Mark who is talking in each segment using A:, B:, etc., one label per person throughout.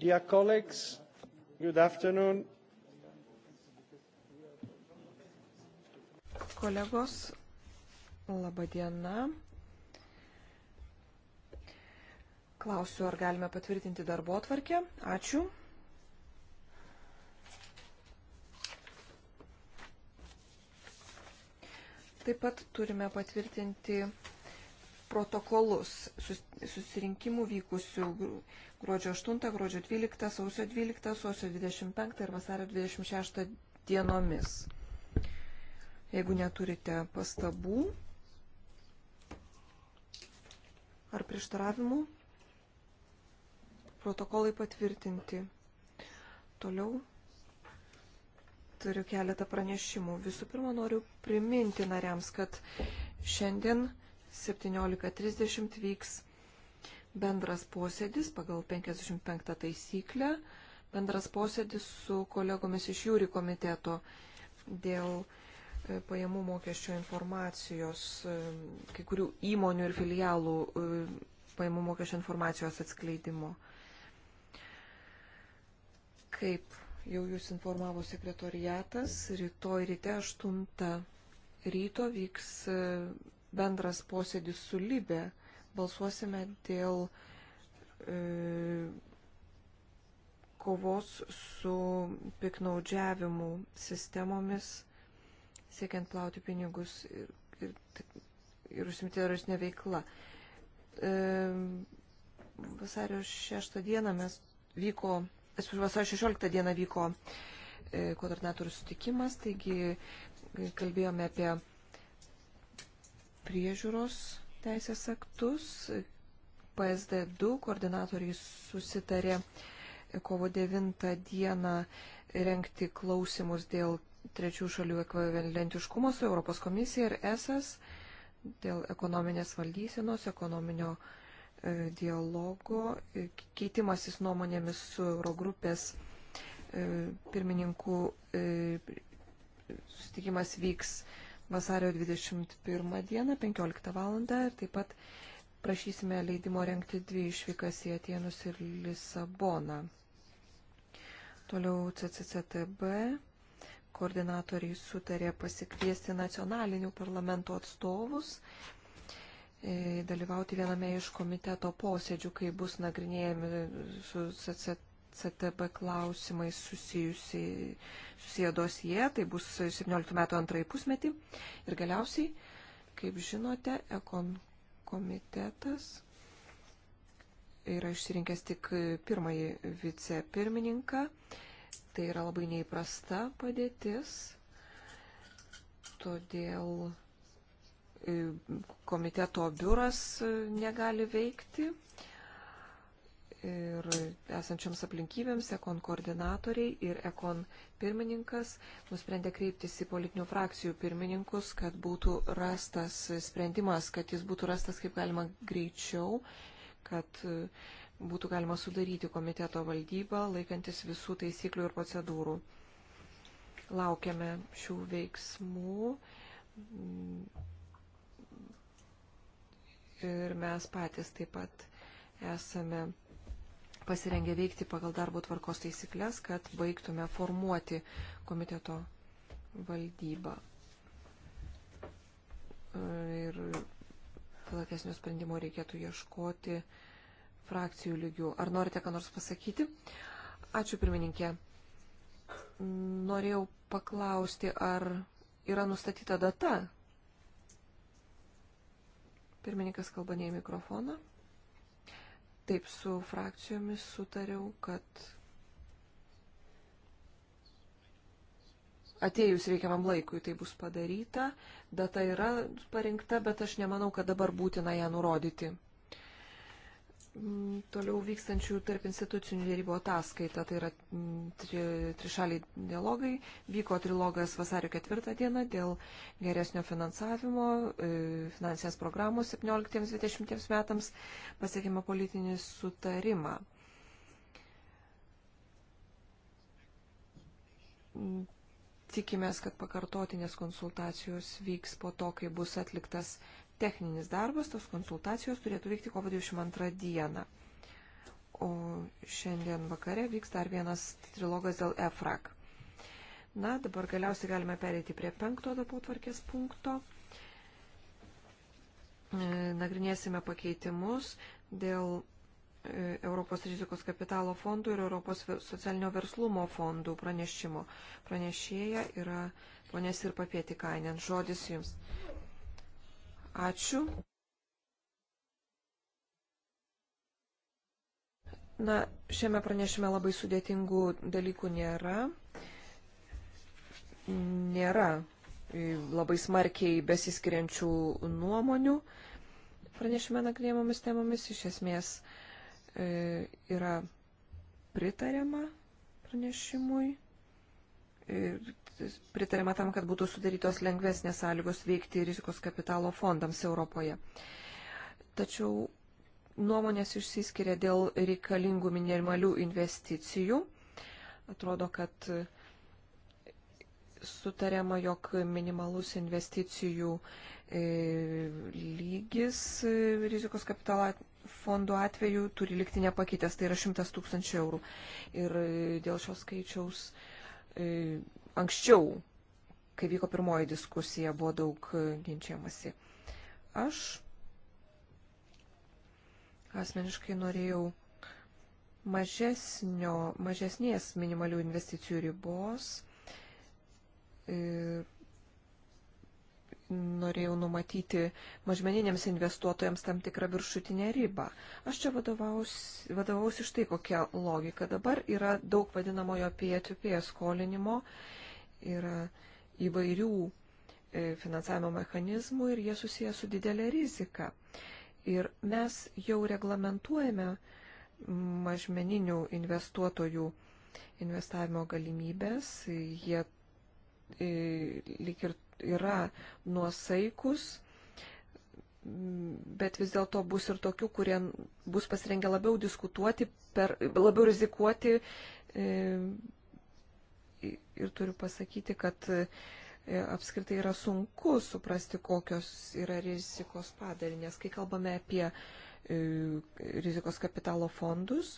A: Dear colleagues, good afternoon.
B: Kolegos, laba diena. Klausiu, ar galime patvirtinti darbo atvarkę. Ačiū. Taip pat turime patvirtinti protokolus susirinkimų vykusių gruodžio 8, gruodžio 12, sausio 12, sausio 25 ir vasario 26 dienomis. Jeigu neturite pastabų ar prieštaravimų, protokolai patvirtinti. Toliau turiu keletą pranešimų. Visų pirma, noriu priminti nariams, kad šiandien 17.30 vyks bendras posėdis pagal 55 taisyklę, bendras posėdis su kolegomis iš jūri komiteto dėl e, pajamų mokesčio informacijos, e, kai kurių įmonių ir filialų e, pajamų mokesčio informacijos atskleidimo. Kaip jau jūs informavo sekretoriatas, rytoj ryte 8 ryto vyks bendras posėdis su Libė. Balsuosime dėl e, kovos su piknaudžiavimu sistemomis, siekiant plauti pinigus ir, ir, ir užsimti teroristinę veiklą. E, vasario 6 dieną mes vyko, atsiprašau, vasario 16 dieną vyko e, koordinatorių sutikimas, taigi kalbėjome apie priežiūros teisės aktus. PSD2 koordinatoriai susitarė kovo 9 dieną renkti klausimus dėl trečių šalių ekvivalentiškumo su Europos komisija ir ESAS dėl ekonominės valdysenos, ekonominio e, dialogo, e, keitimasis nuomonėmis su Eurogrupės e, pirmininku sutikimas vyks vasario 21 dieną 15 val. ir taip pat prašysime leidimo renkti dvi išvykas į Atenus ir Lisaboną. Toliau CCCTB koordinatoriai sutarė pasikviesti nacionalinių parlamento atstovus e, dalyvauti viename iš komiteto posėdžių, kai bus nagrinėjami su CCTB CTB klausimais susijusi, susiję dosie, tai bus 17 metų antrąjį pusmetį. Ir galiausiai, kaip žinote, ekon komitetas yra išsirinkęs tik pirmąjį vicepirmininką. Tai yra labai neįprasta padėtis, todėl e, komiteto biuras e, negali veikti ir esančioms aplinkybėms ekon koordinatoriai ir ekon pirmininkas nusprendė kreiptis į politinių frakcijų pirmininkus, kad būtų rastas sprendimas, kad jis būtų rastas kaip galima greičiau, kad e, būtų galima sudaryti komiteto valdybą, laikantis visų taisyklių ir procedūrų. Laukiame šių veiksmų mm. ir mes patys taip pat esame pasirengę veikti pagal darbo tvarkos taisyklės, kad baigtume formuoti komiteto valdybą. Ir platesnio sprendimo reikėtų ieškoti frakcijų lygių. Ar norite ką nors pasakyti? Ačiū pirmininkė. Norėjau paklausti, ar yra nustatyta data? Pirmininkas kalba ne į mikrofoną. Taip, su frakcijomis sutariau, kad atėjus reikiamam laikui tai bus padaryta, data yra parinkta, bet aš nemanau, kad dabar būtina ją nurodyti toliau vykstančių tarp institucinių dėrybų ataskaita, tai yra tri, trišaliai dialogai. Vyko trilogas vasario 4 dieną dėl geresnio finansavimo, e, finansinės programos 17-20 metams pasiekime politinį sutarimą. Tikimės, kad pakartotinės konsultacijos vyks po to, kai bus atliktas uh, techninis darbas, tos konsultacijos turėtų vykti kovo 22 dieną. O šiandien vakare vyks dar vienas trilogas dėl EFRAK. Na, dabar galiausiai galime pereiti prie penkto darbotvarkės punkto. E, nagrinėsime pakeitimus dėl e, Europos rizikos kapitalo fondų ir Europos socialinio verslumo fondų pranešimo. Pranešėja yra ponės ir papėti kainen. Žodis jums. Ačiū. Na, šiame pranešime labai sudėtingų dalykų nėra. Nėra labai smarkiai besiskiriančių nuomonių pranešime nagrinėjamomis temomis. Iš esmės e, yra pritariama pranešimui pritarima tam, kad būtų sudarytos lengvesnės sąlygos veikti rizikos kapitalo fondams Europoje. Tačiau nuomonės išsiskiria dėl reikalingų minimalių investicijų. Atrodo, kad sutariama, jog minimalus investicijų e, lygis e, rizikos kapitalo fondų atveju turi likti nepakitęs, tai yra 100 tūkstančių eurų. Ir e, dėl šios skaičiaus E, anksčiau, kai vyko pirmoji diskusija, buvo daug e, ginčiamasi. Aš asmeniškai norėjau mažesnio, mažesnės minimalių investicijų ribos ir norėjau numatyti mažmeniniams investuotojams tam tikrą viršutinę ribą. Aš čia vadovausi, vadovausi štai kokia logika. Dabar yra daug vadinamojo pietupėje skolinimo, yra įvairių e, finansavimo mechanizmų ir jie susiję su didelė rizika. Ir mes jau reglamentuojame mažmeninių investuotojų investavimo galimybės, jie e, lyg ir yra nuosaikus, bet vis dėlto bus ir tokių, kurie bus pasirengę labiau diskutuoti, per, labiau rizikuoti. E, ir turiu pasakyti, kad e, apskritai yra sunku suprasti, kokios yra rizikos padarinės. Kai kalbame apie e, rizikos kapitalo fondus,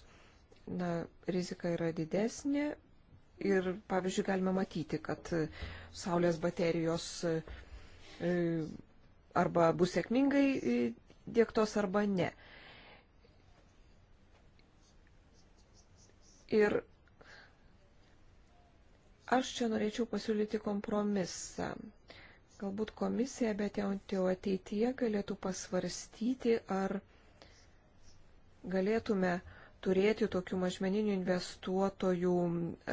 B: na, rizika yra didesnė, Ir, pavyzdžiui, galime matyti, kad saulės baterijos e, arba bus sėkmingai e, dėktos arba ne. Ir aš čia norėčiau pasiūlyti kompromisą. Galbūt komisija, bet jau ateityje galėtų pasvarstyti, ar galėtume turėti tokių mažmeninių investuotojų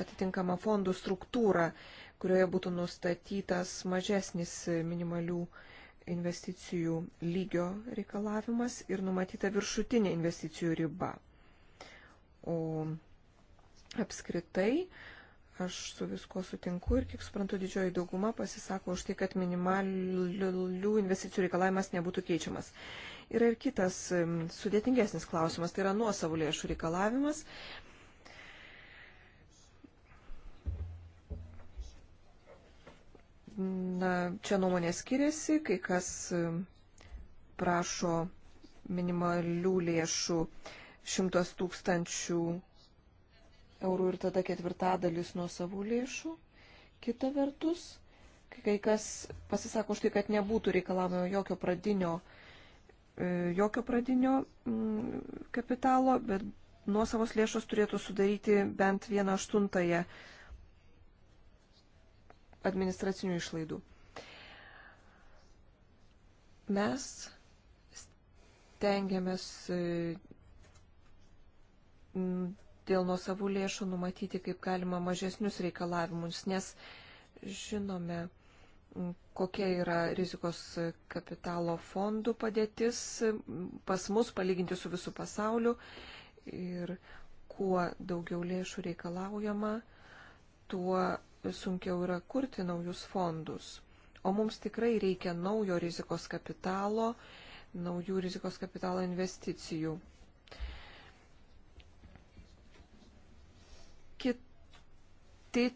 B: atitinkamą fondų struktūrą, kurioje būtų nustatytas mažesnis minimalių investicijų lygio reikalavimas ir numatyta viršutinė investicijų riba. O apskritai, aš su visko sutinku ir, kiek suprantu, didžioji dauguma pasisako už tai, kad minimalių investicijų reikalavimas nebūtų keičiamas. Yra ir kitas sudėtingesnis klausimas, tai yra nuosavų lėšų reikalavimas. Na, čia nuomonė skiriasi, kai kas prašo minimalių lėšų šimtas tūkstančių eurų ir tada ketvirtadalis nuo savų lėšų. Kita vertus, kai kas pasisako už tai, kad nebūtų reikalavimo jokio pradinio E, jokio pradinio mm, kapitalo, bet nuosavos lėšos turėtų sudaryti bent vieną aštuntąją administracinių išlaidų. Mes tengiamės e, dėl nuosavų lėšų numatyti kaip galima mažesnius reikalavimus, nes žinome, kokia yra rizikos kapitalo fondų padėtis pas mus palyginti su visų pasauliu ir kuo daugiau lėšų reikalaujama, tuo sunkiau yra kurti naujus fondus. O mums tikrai reikia naujo rizikos kapitalo, naujų rizikos kapitalo investicijų. Kiti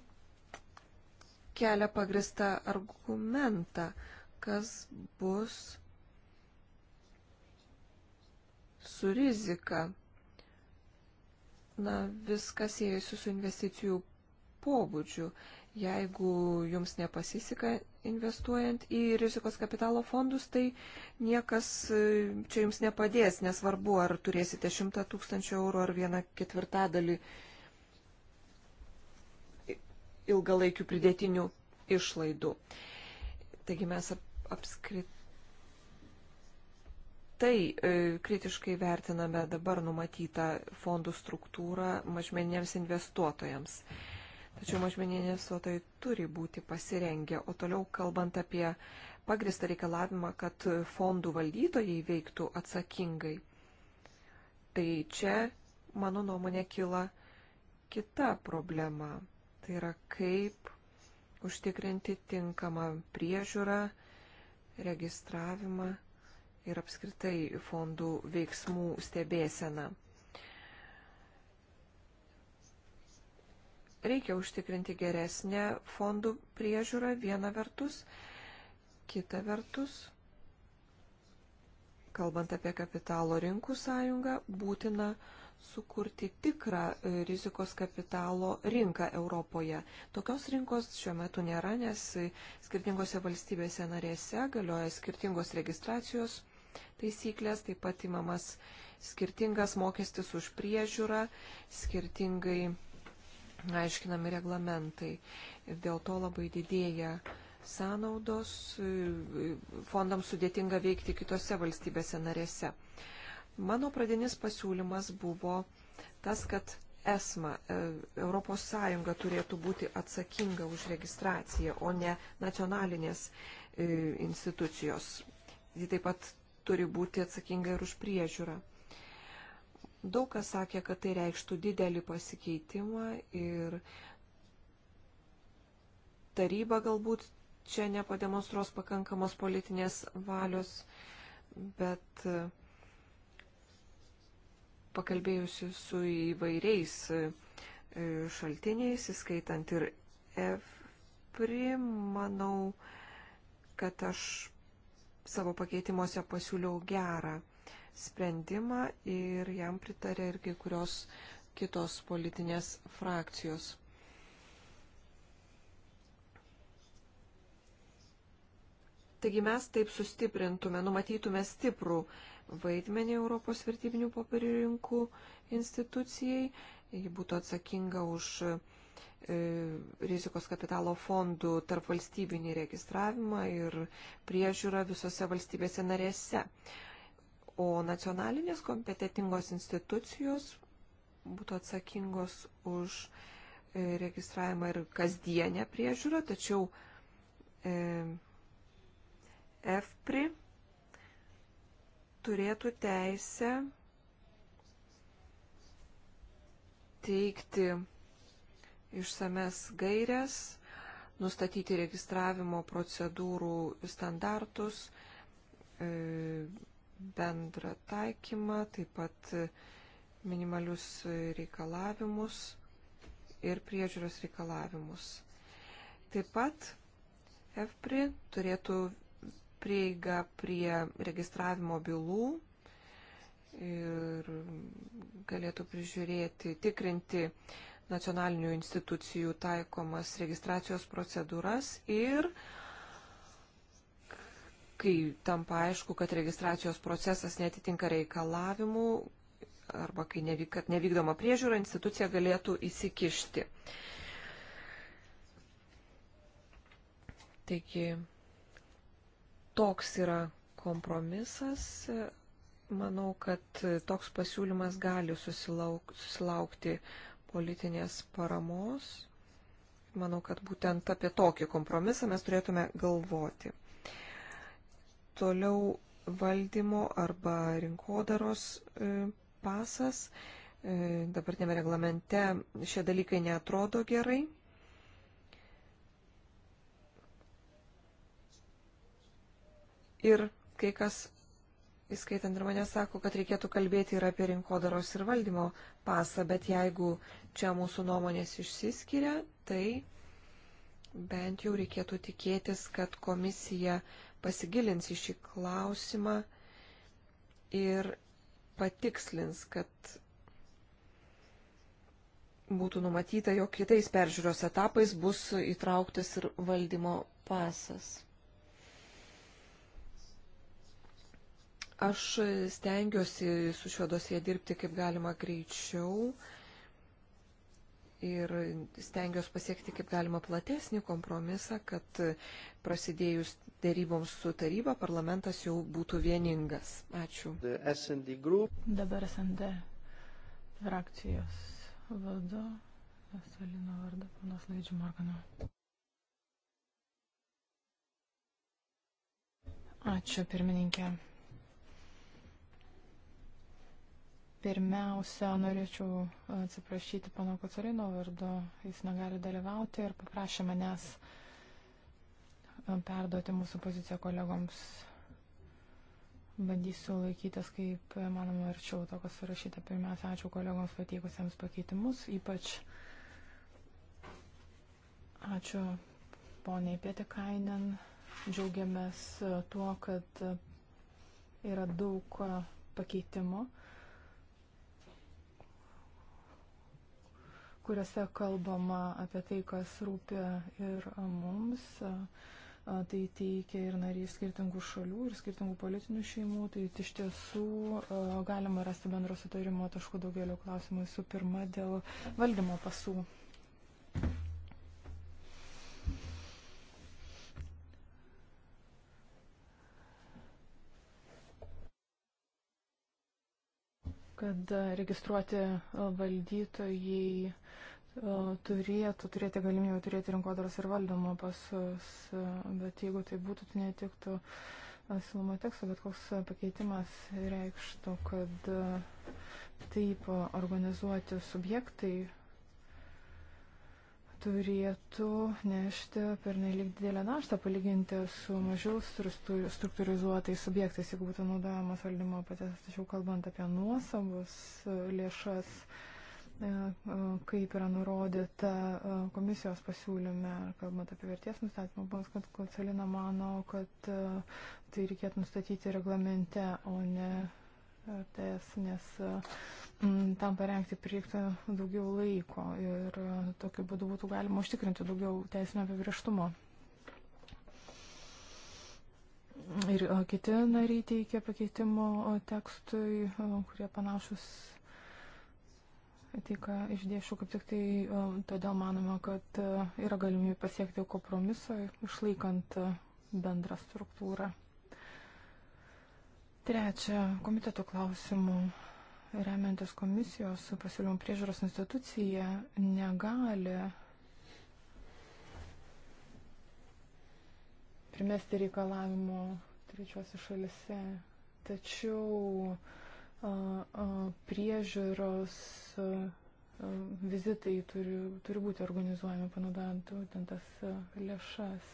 B: kelia pagristą argumentą, kas bus su rizika. Na, viskas siejasi su investicijų pobūdžiu. Jeigu jums nepasiseka investuojant į rizikos kapitalo fondus, tai niekas e, čia jums nepadės, nesvarbu, ar turėsite 100 tūkstančių eurų ar vieną ketvirtadalį ilgalaikių pridėtinių išlaidų. Taigi mes apskritai e, kritiškai vertiname dabar numatytą fondų struktūrą mažmeniniams investuotojams. Tačiau mažmeniniai investuotojai turi būti pasirengę. O toliau kalbant apie pagristą reikalavimą, kad fondų valdytojai veiktų atsakingai. Tai čia, mano nuomonė, kyla kita problema. Tai yra kaip užtikrinti tinkamą priežiūrą, registravimą ir apskritai fondų veiksmų stebėseną. Reikia užtikrinti geresnę fondų priežiūrą viena vertus, kita vertus, kalbant apie kapitalo rinkų sąjungą, būtina sukurti tikrą e, rizikos kapitalo rinką Europoje. Tokios rinkos šiuo metu nėra, nes e, skirtingose valstybėse narėse galioja skirtingos registracijos taisyklės, taip pat įmamas skirtingas mokestis už priežiūrą, skirtingai aiškinami reglamentai. Ir dėl to labai didėja sąnaudos, e, fondams sudėtinga veikti kitose valstybėse narėse. Mano pradinis pasiūlymas buvo tas, kad ESMA, ES turėtų būti atsakinga už registraciją, o ne nacionalinės e, institucijos. Ji taip pat turi būti atsakinga ir už priežiūrą. Daug kas sakė, kad tai reikštų didelį pasikeitimą ir taryba galbūt čia nepademonstruos pakankamos politinės valios, bet uh, pakalbėjusi su įvairiais e, e, šaltiniais, įskaitant ir EFPRI, manau, kad aš savo pakeitimuose pasiūliau gerą sprendimą ir jam pritarė ir kai kurios kitos politinės frakcijos. Taigi mes taip sustiprintume, numatytume stiprų uh, vaidmenį Europos vertybinių popierių rinkų institucijai. Ji būtų atsakinga už e, rizikos kapitalo fondų tarp valstybinį registravimą ir priežiūrą visose valstybėse narėse. O nacionalinės kompetitingos institucijos būtų atsakingos už e, registravimą ir kasdienę priežiūrą, tačiau e, EFPRI turėtų teisę teikti išsames gairias, nustatyti registravimo procedūrų standartus, e, bendrą taikymą, taip pat minimalius reikalavimus ir priežiūros reikalavimus. Taip pat EFPRI turėtų prieigą prie registravimo bylų ir galėtų prižiūrėti, tikrinti nacionalinių institucijų taikomas registracijos procedūras ir kai tampa aišku, kad registracijos procesas netitinka reikalavimų arba kai nevyk, kad nevykdoma priežiūra, institucija galėtų įsikišti. Taigi, toks yra kompromisas. Manau, kad toks pasiūlymas gali susilauk, susilaukti politinės paramos. Manau, kad būtent apie tokį kompromisą mes turėtume galvoti. Toliau valdymo arba rinkodaros e, pasas. E, Dabartinėme reglamente šie dalykai netrodo gerai. Ir kai kas, įskaitant ir mane, sako, kad reikėtų kalbėti ir apie rinkodaros ir valdymo pasą, bet jeigu čia mūsų nuomonės išsiskiria, tai bent jau reikėtų tikėtis, kad komisija pasigilins į šį klausimą ir patikslins, kad būtų numatyta, jog kitais peržiūros etapais bus įtrauktas ir valdymo pasas. Aš stengiuosi su šiuo dosie dirbti kaip galima greičiau ir stengiuosi pasiekti kaip galima platesnį kompromisą, kad prasidėjus dėryboms su taryba parlamentas jau būtų vieningas. Ačiū. Dabar SND frakcijos vado,
C: Salino vardą, panas Laidžių Morgano. Ačiū, pirmininkė. Pirmiausia, norėčiau atsiprašyti pano Kocorino vardu, jis negali dalyvauti ir paprašė manęs e, perduoti mūsų poziciją kolegoms. Bandysiu laikytis, kaip manoma, arčiau to, kas surašyta. Pirmiausia, ačiū kolegoms pateikusiems pakeitimus, ypač ačiū poniai Pietikainen. Džiaugiamės e, tuo, kad e, yra daug pakeitimo kuriuose kalbama apie tai, kas rūpia ir mums. Tai teikia ir nariai skirtingų šalių ir skirtingų politinių šeimų. Tai iš tiesų galima rasti bendro sutarimo taškų daugelio klausimų. Visų pirma, dėl valdymo pasų. kad registruoti e, valdytojai e, turėtų turėti galimybę turėti rinkodaros ir valdymo pasus, bet jeigu tai būtų, tai netiktų e, siūlomo teksto, bet koks pakeitimas reikštų, kad taip organizuoti subjektai turėtų nešti pernelyg didelę naštą palyginti su mažiau struktūrizuotais subjektais, jeigu būtų naudojamas valdymo patės. Tačiau kalbant apie nuosavus e, lėšas, e, e, kaip yra nurodyta komisijos pasiūlyme, kalbant apie vertės nustatymą, panas, kad Kocelina mano, kad tai reikėtų nustatyti reglamente, o ne RTS, nes mm, tam parengti priektų daugiau laiko ir e, tokiu būdu būtų galima užtikrinti daugiau teisinio apibrieštumo. Ir e, kiti nariai teikia pakeitimo e, tekstui, kurie panašus tai, ką išdėšiu, kaip tik tai todėl manome, kad yra galimybė pasiekti kompromiso, išlaikant bendrą struktūrą. Trečia, komiteto klausimų. Remiantis komisijos pasiūlymų priežiūros institucija negali primesti reikalavimų trečiuose šalise. Tačiau a, a, priežiūros a, vizitai turi, turi būti organizuojami panaudojant būtent tas lėšas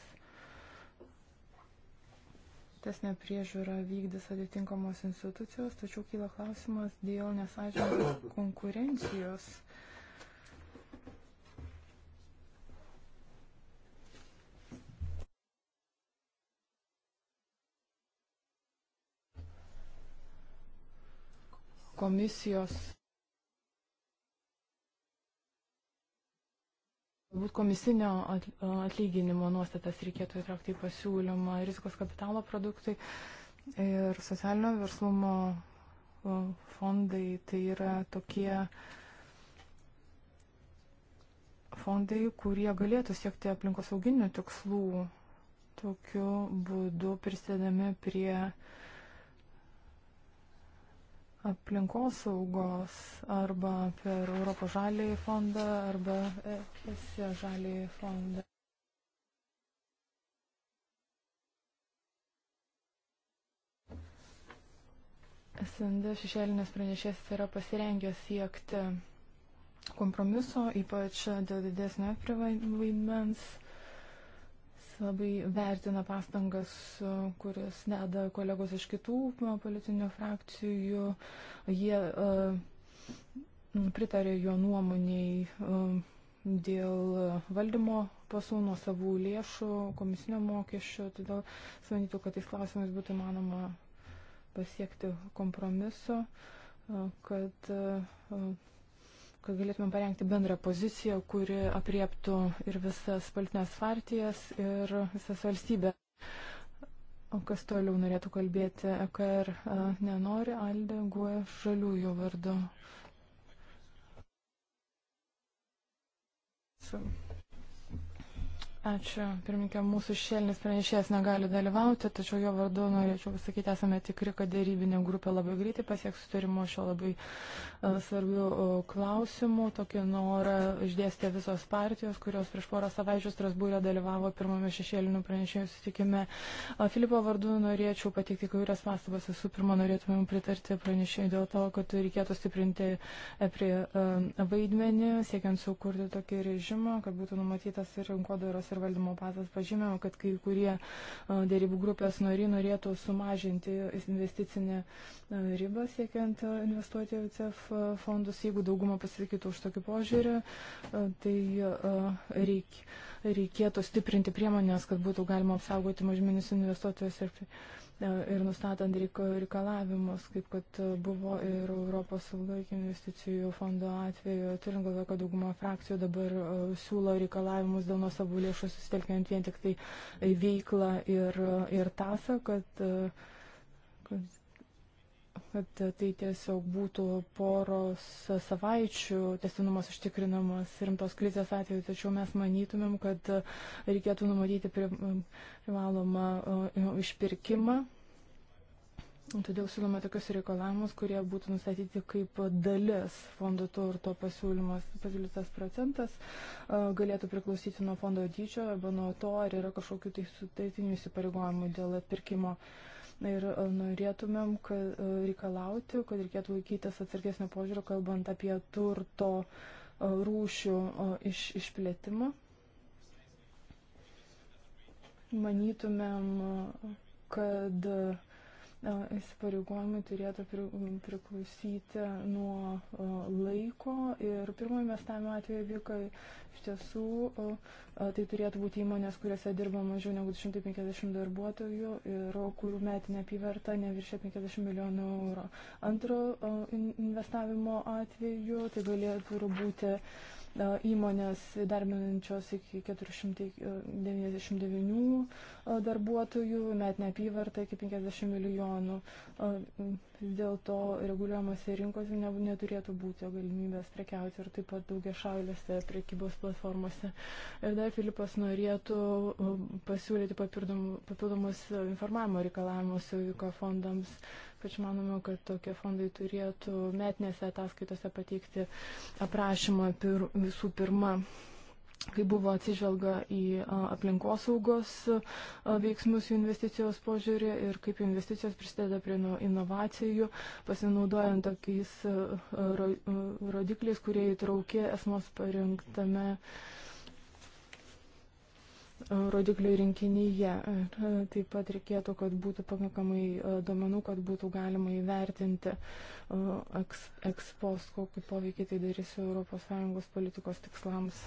C: tesnę priežiūrą vykdys atitinkamos institucijos, tačiau kyla klausimas dėl nesažinės konkurencijos. Komisijos Galbūt komisinio atlyginimo nuostatas reikėtų įtraukti į pasiūlymą, rizikos kapitalo produktai ir socialinio verslumo fondai. Tai yra tokie fondai, kurie galėtų siekti aplinkosauginių tikslų, tokiu būdu prisidami prie uh, aplinkosaugos arba per Europos žalį fondą arba ESI žalį fondą. SND šešėlinės pranešės yra pasirengęs siekti kompromiso, ypač dėl didesnio vaidmens. Privaim labai vertina pastangas, kurias deda kolegos iš kitų uh, politinių frakcijų. Jie uh, pritarė jo nuomoniai uh, dėl uh, valdymo pasų nuo savų lėšų, komisinio mokesčio, todėl sumanytų, kad tais klausimais būtų manoma pasiekti kompromiso, uh, kad uh, kad galėtumėm parengti bendrą poziciją, kuri apriektų ir visas politinės partijas, ir visas valstybę. O kas toliau norėtų kalbėti, EKR e, nenori, Alde guoja e, žaliųjų vardu. So. Ačiū. Pirmininkė, mūsų šėlinis pranešėjas negali dalyvauti, tačiau jo vardu norėčiau pasakyti, esame tikri, kad dėrybinė grupė labai greitai pasieks sutarimo šio labai uh, e, svarbių uh, klausimų. Tokį norą išdėstė visos partijos, kurios prieš porą savaičių Strasbūrė dalyvavo pirmame šešėlinių pranešėjų sutikime. Uh, Filipo vardu norėčiau pateikti kairias pastabas. Visų pirma, norėtumėm pritarti pranešėjai dėl to, kad reikėtų stiprinti e, prie e, vaidmenį, siekiant sukurti tokį režimą, kad būtų numatytas ir rinkodaros pasas ir valdymo pasas pažymėjo, kad kai kurie e, dėrybų grupės nori norėtų sumažinti investicinę e, ribą siekiant e, investuoti į CEF fondus. Jeigu dauguma pasakytų už tokį požiūrį, tai reik, reikėtų stiprinti priemonės, kad būtų galima apsaugoti mažmenis investuotojus ir ir nustatant reikalavimus, kaip kad buvo ir Europos ilgalaikio investicijų fondo atveju, turint galvoje, kad dauguma frakcijų dabar e, siūlo reikalavimus dėl nuosavų lėšų susitelkiant vien tik tai veiklą ir, ir tasą, kad, e, kad kad tai tiesiog būtų poros savaičių testinumas užtikrinamas rimtos krizės atveju, tačiau mes manytumėm, kad reikėtų numatyti privalomą e, išpirkimą. Todėl siūlome tokius reikalavimus, kurie būtų nustatyti kaip dalis fondo turto pasiūlymas, pasiūlytas procentas e, galėtų priklausyti nuo fondo dydžio arba nuo to, ar yra kažkokių tai sutartinių įsipareigojimų dėl atpirkimo. Uh, ir e, norėtumėm kad, e, reikalauti, kad reikėtų laikytis atsargesnio požiūrio, kalbant apie turto e, rūšių iš, išplėtimą. Manytumėm, kad uh, įsipareigojimai turėtų priklausyti nuo laiko ir pirmojo investavimo atveju vyko iš tiesų tai turėtų būti įmonės, kuriuose dirba mažiau negu 250 darbuotojų ir kurių metinė apyverta neviršia 50 milijonų eurų. Antro investavimo atveju tai galėtų būti E, įmonės darbinančios iki 499 e, darbuotojų, metinė apyvarta iki 50 milijonų. E, dėl to reguliuojamose rinkose neturėtų būti galimybės prekiauti ir taip pat daugia šaulėse prekybos platformose. Ir dar Filipas norėtų pasiūlyti papildomus informavimo reikalavimus UIKO fondams Pač manome, kad tokie fondai turėtų metinėse ataskaitose pateikti aprašymą pir, visų pirma kai buvo atsižvelga į aplinkosaugos veiksmus jų investicijos požiūrį ir kaip investicijos prisideda prie inovacijų, pasinaudojant tokiais rodikliais, kurie įtraukė esmos parinktame uh, rodiklių rinkinyje. Taip pat reikėtų, kad būtų pakankamai duomenų, kad būtų galima įvertinti ekspos, kokį poveikį tai darys ES politikos tikslams.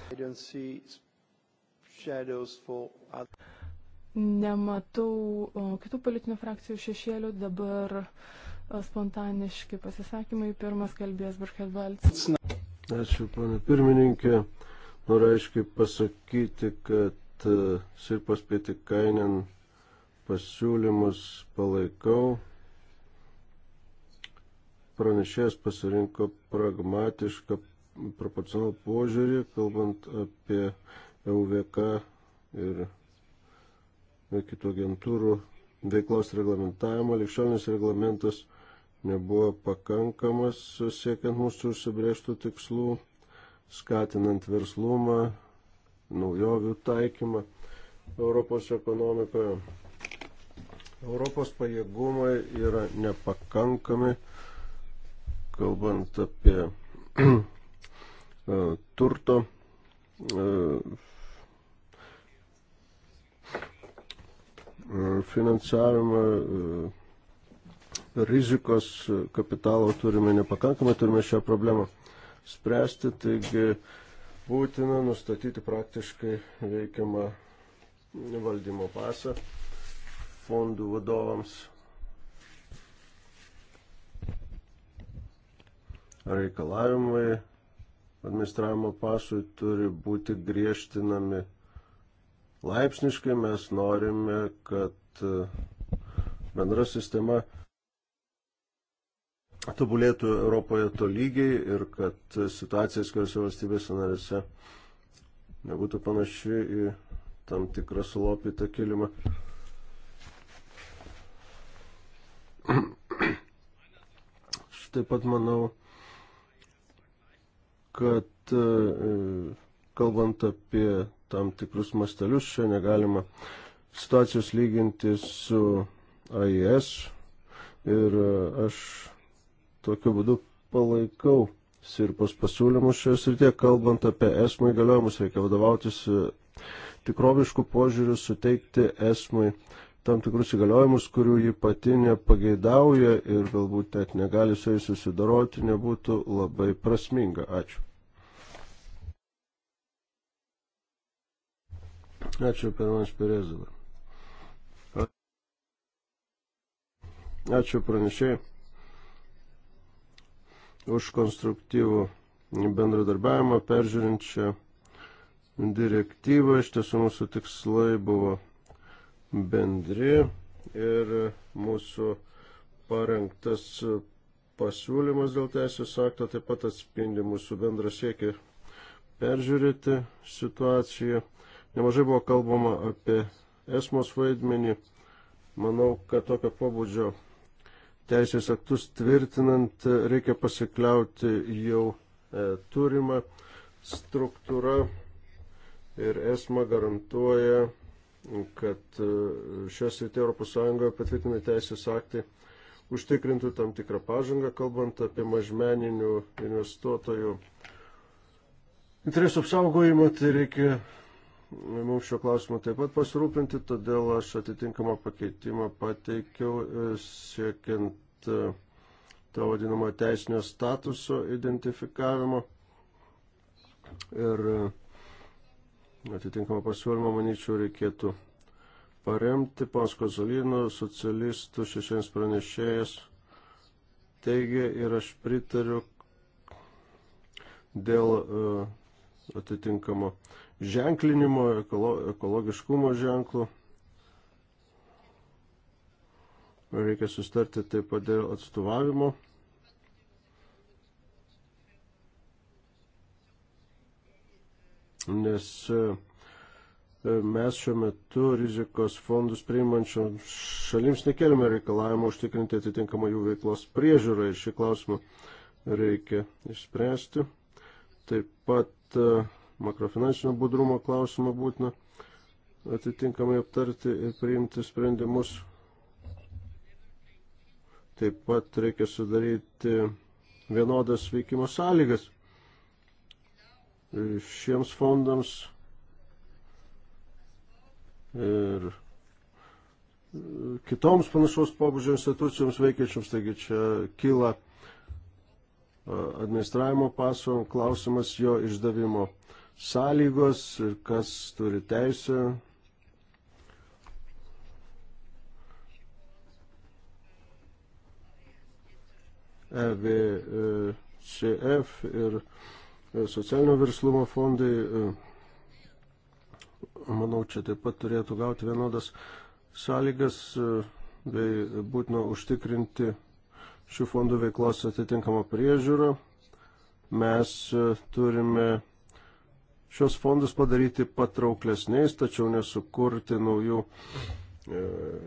C: Nematau kitų politinių frakcijų šešėlių. Dabar spontaniški pasisakymai. Pirmas kalbės Burkhard Valts.
A: Ačiū, pana pirmininkė. Noriu aiškiai pasakyti, kad E, Sirpas Pietikainen pasiūlymus palaikau. Pranešėjas pasirinko pragmatišką proporcionalų požiūrį, kalbant apie EUVK ir kitų agentūrų veiklos reglamentavimą. Likščionis reglamentas nebuvo pakankamas siekiant mūsų užsibrėžtų tikslų, skatinant verslumą, naujovių taikymą Europos ekonomikoje. Europos pajėgumai yra nepakankami, kalbant apie e, turto e, finansavimą e, rizikos kapitalo turime nepakankamai, turime šią problemą spręsti, taigi būtina nustatyti praktiškai veikiamą valdymo pasą fondų vadovams. Reikalavimai administravimo pasui turi būti griežtinami laipsniškai. Mes norime, kad bendra sistema tobulėtų Europoje tolygiai ir kad situacija skiriuose valstybėse narėse nebūtų panaši į tam tikrą sulopytą kilimą. Aš taip pat manau, kad e, kalbant apie tam tikrus mastelius, čia negalima situacijos lyginti su AIS ir e, aš Tokiu būdu palaikau Sirpos pasiūlymus šioje srityje, kalbant apie esmai galiojimus, reikia vadovautis e, tikroviškų požiūrių, suteikti esmai tam tikrus įgaliojimus, kurių ji pati nepageidauja ir galbūt net negali su jais susidoroti, nebūtų labai prasminga. Ačiū. Ačiū, pirmas Perezovas. Ačiū pranešėjai už konstruktyvų bendradarbiavimą peržiūrinčią direktyvą. Iš tiesų mūsų tikslai buvo bendri ir mūsų parengtas pasiūlymas dėl teisės akto taip pat atspindi mūsų bendrą siekį peržiūrėti situaciją. Nemažai buvo kalbama apie esmos vaidmenį. Manau, kad tokio pobūdžio teisės aktus tvirtinant reikia pasikliauti jau e, turimą struktūrą ir ESMA garantuoja, kad šios rytė ES patvirtinami teisės aktai užtikrintų tam tikrą pažangą, kalbant apie mažmeninių investuotojų interesų apsaugojimą, tai reikia mums šio klausimo taip pat pasirūpinti, todėl aš atitinkamą pakeitimą pateikiau e, siekiant e, to vadinamo teisinio statuso identifikavimo. Ir e, atitinkamą pasiūlymą, manyčiau, reikėtų paremti. Pasko Zalino, socialistų šešiems pranešėjas, teigia ir aš pritariu dėl atitinkamo uh, ženklinimo, ekolo, ekologiškumo ženklų. Reikia sustarti taip pat dėl atstovavimo. Nes e, mes šiuo metu rizikos fondus priimančiam šalims nekeliame reikalavimo užtikrinti atitinkamą jų veiklos priežiūrą ir šį klausimą reikia išspręsti. Taip pat uh, makrofinansinio budrumo klausimą būtina atitinkamai aptarti ir priimti sprendimus. Taip pat reikia sudaryti vienodas veikimo sąlygas šiems fondams ir kitoms panašaus pobūdžio institucijoms veikiančioms, taigi čia kyla administravimo paso klausimas jo išdavimo sąlygos ir kas turi teisę EVCF ir socialinio verslumo fondai, e, manau, čia taip pat turėtų gauti vienodas sąlygas e, bei būtina užtikrinti šių fondų veiklos atitinkamą priežiūrą. Mes e, turime šios fondus padaryti patrauklesniais, tačiau nesukurti naujų e,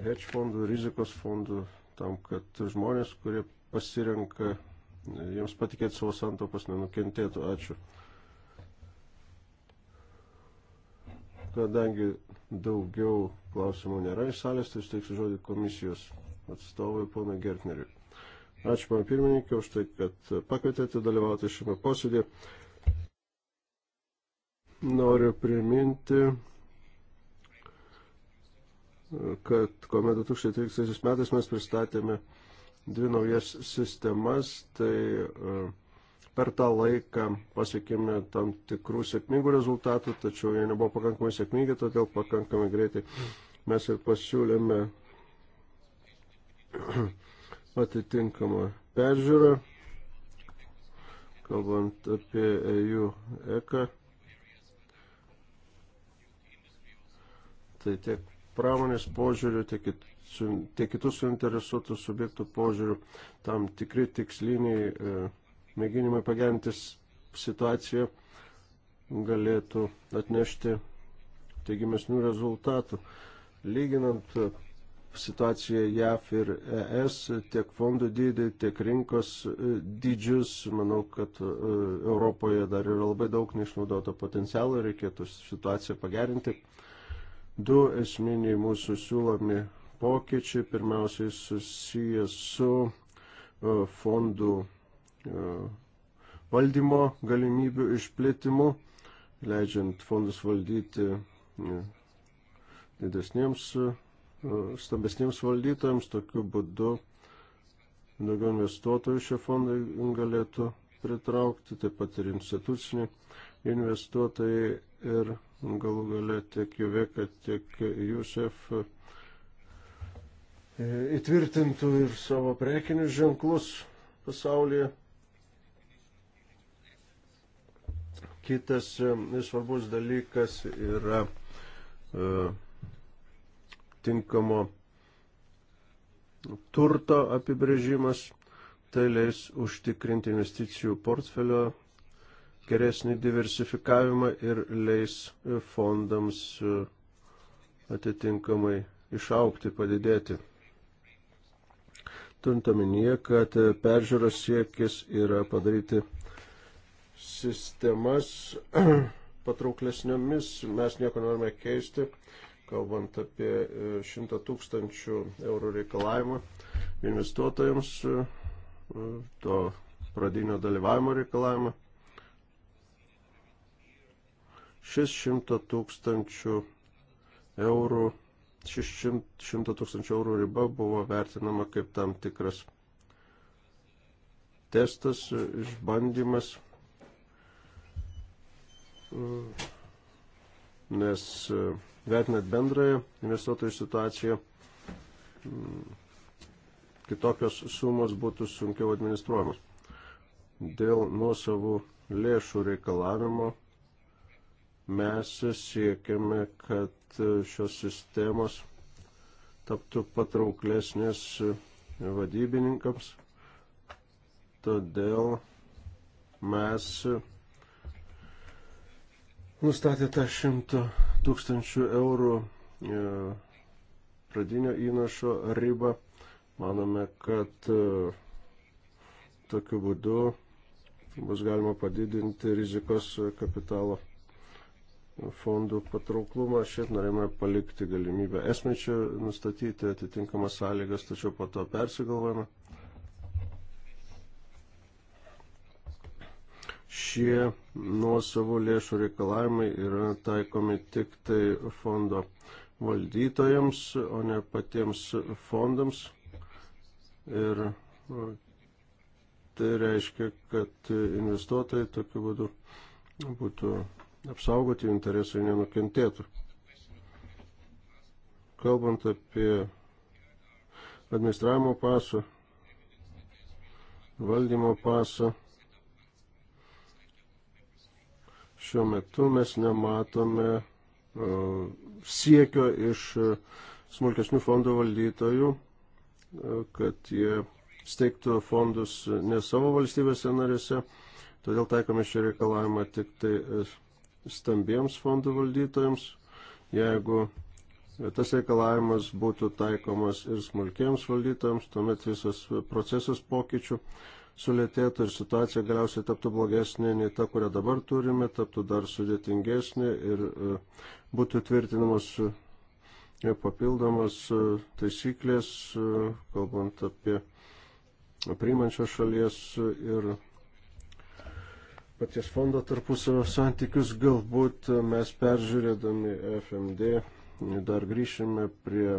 A: hedge fondų, rizikos fondų, tam, kad žmonės, kurie pasirenka e, jiems patikėti savo santopas, nenukentėtų. Ačiū. Kadangi daugiau klausimų nėra iš salės, tai steiksiu žodį komisijos atstovui, ponui Gertneriui. Ačiū, man pirmininkė, už tai, kad pakvietėte dalyvauti šiame posėdėje. Noriu priminti, kad kuomet 2013 metais mes pristatėme dvi naujas sistemas, tai e, per tą laiką pasiekėme tam tikrų sėkmingų rezultatų, tačiau jie nebuvo pakankamai sėkmingi, todėl pakankamai greitai mes ir pasiūlėme atitinkamą peržiūrą, kalbant apie EU ECA Tai tiek pramonės požiūrių, tiek, tiek kitus suinteresuotų subjektų požiūrių tam tikri tiksliniai e, mėginimai pagentis situaciją galėtų atnešti teigiamesnių rezultatų. Lyginant e, situaciją JAF ir ES, tiek fondų dydį, tiek rinkos e, dydžius, manau, kad e, Europoje dar yra labai daug neišnaudoto potencialo, reikėtų situaciją pagerinti. Du esminiai mūsų siūlomi pokyčiai pirmiausiai susijęs su e, fondų e, valdymo galimybių išplėtimu, leidžiant fondus valdyti e, didesniems, stambesniems valdytojams, tokiu būdu daugiau investuotojų šie fondai galėtų pritraukti, taip pat ir instituciniai investuotojai ir galų gale tiek Juveka, tiek Jusef e, įtvirtintų ir savo prekinius ženklus pasaulyje. Kitas e, svarbus dalykas yra e, tinkamo turto apibrėžimas, tai leis užtikrinti investicijų portfelio geresnį diversifikavimą ir leis fondams e, atitinkamai išaukti, padidėti. Turint omenyje, kad peržiūros siekis yra padaryti sistemas patrauklesniomis, mes nieko norime keisti, kalbant apie 100 e, tūkstančių eurų reikalavimą investuotojams, e, to pradinio dalyvavimo reikalavimą. Šis 100 tūkstančių eurų, šis 100 tūkstančių eurų riba buvo vertinama kaip tam tikras testas, išbandymas, nes e, vertinant bendrąją investuotojų situaciją, kitokios sumos būtų sunkiau administruojamos. Dėl nuosavų lėšų reikalavimo Mes siekiame, kad šios sistemos taptų patrauklesnės vadybininkams, todėl mes nustatė tą 100 tūkstančių eurų e, pradinio įnašo ribą. Manome, kad e, tokiu būdu bus galima padidinti rizikos kapitalo fondų patrauklumą. Šiaip norėjome palikti galimybę esmečių nustatyti atitinkamas sąlygas, tačiau po to persigalvojame. Šie nuo savo lėšų reikalavimai yra taikomi tik tai fondo valdytojams, o ne patiems fondams. Ir tai reiškia, kad investuotojai tokiu būdu būtų apsaugoti interesai nenukentėtų. Kalbant apie administravimo pasą, valdymo pasą, šiuo metu mes nematome siekio iš smulkesnių fondų valdytojų, kad jie steigtų fondus ne savo valstybėse narėse, todėl taikome šį reikalavimą tik tai e, stambiems fondų valdytojams, jeigu tas reikalavimas būtų taikomas ir smulkiems valdytojams, tuomet visas procesas pokyčių sulėtėtų ir situacija galiausiai taptų blogesnė nei ta, kurią dabar turime, taptų dar sudėtingesnė ir e, būtų tvirtinamos e, papildomos e, taisyklės, kalbant apie priimančios šalies ir paties fondo tarpusavio santykius, galbūt mes peržiūrėdami FMD dar grįšime prie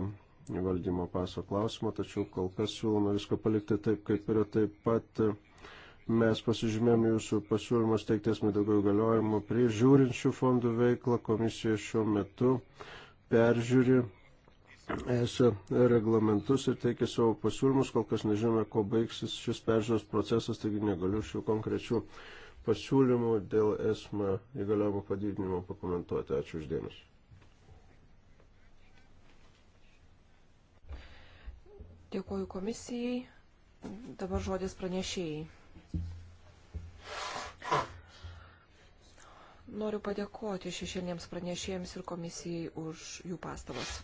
A: valdymo paso klausimo, tačiau kol kas siūloma viską palikti taip, kaip yra. Taip pat mes pasižymėjome jūsų pasiūlymus teiktėsime daugiau galiojimo prie žiūrinčių fondų veiklą. Komisija šiuo metu peržiūri ESA reglamentus ir teikia savo pasiūlymus. Kol kas nežinome, ko baigsis šis peržiūros procesas, taigi negaliu šių konkrečių pasiūlymų dėl esmą įgaliojimų padidinimo pakomentuoti. Ačiū uždėmesi.
B: Dėkuoju komisijai. Dabar žodis pranešėjai. Noriu padėkoti šešėlėms pranešėjams ir komisijai už jų pastabas.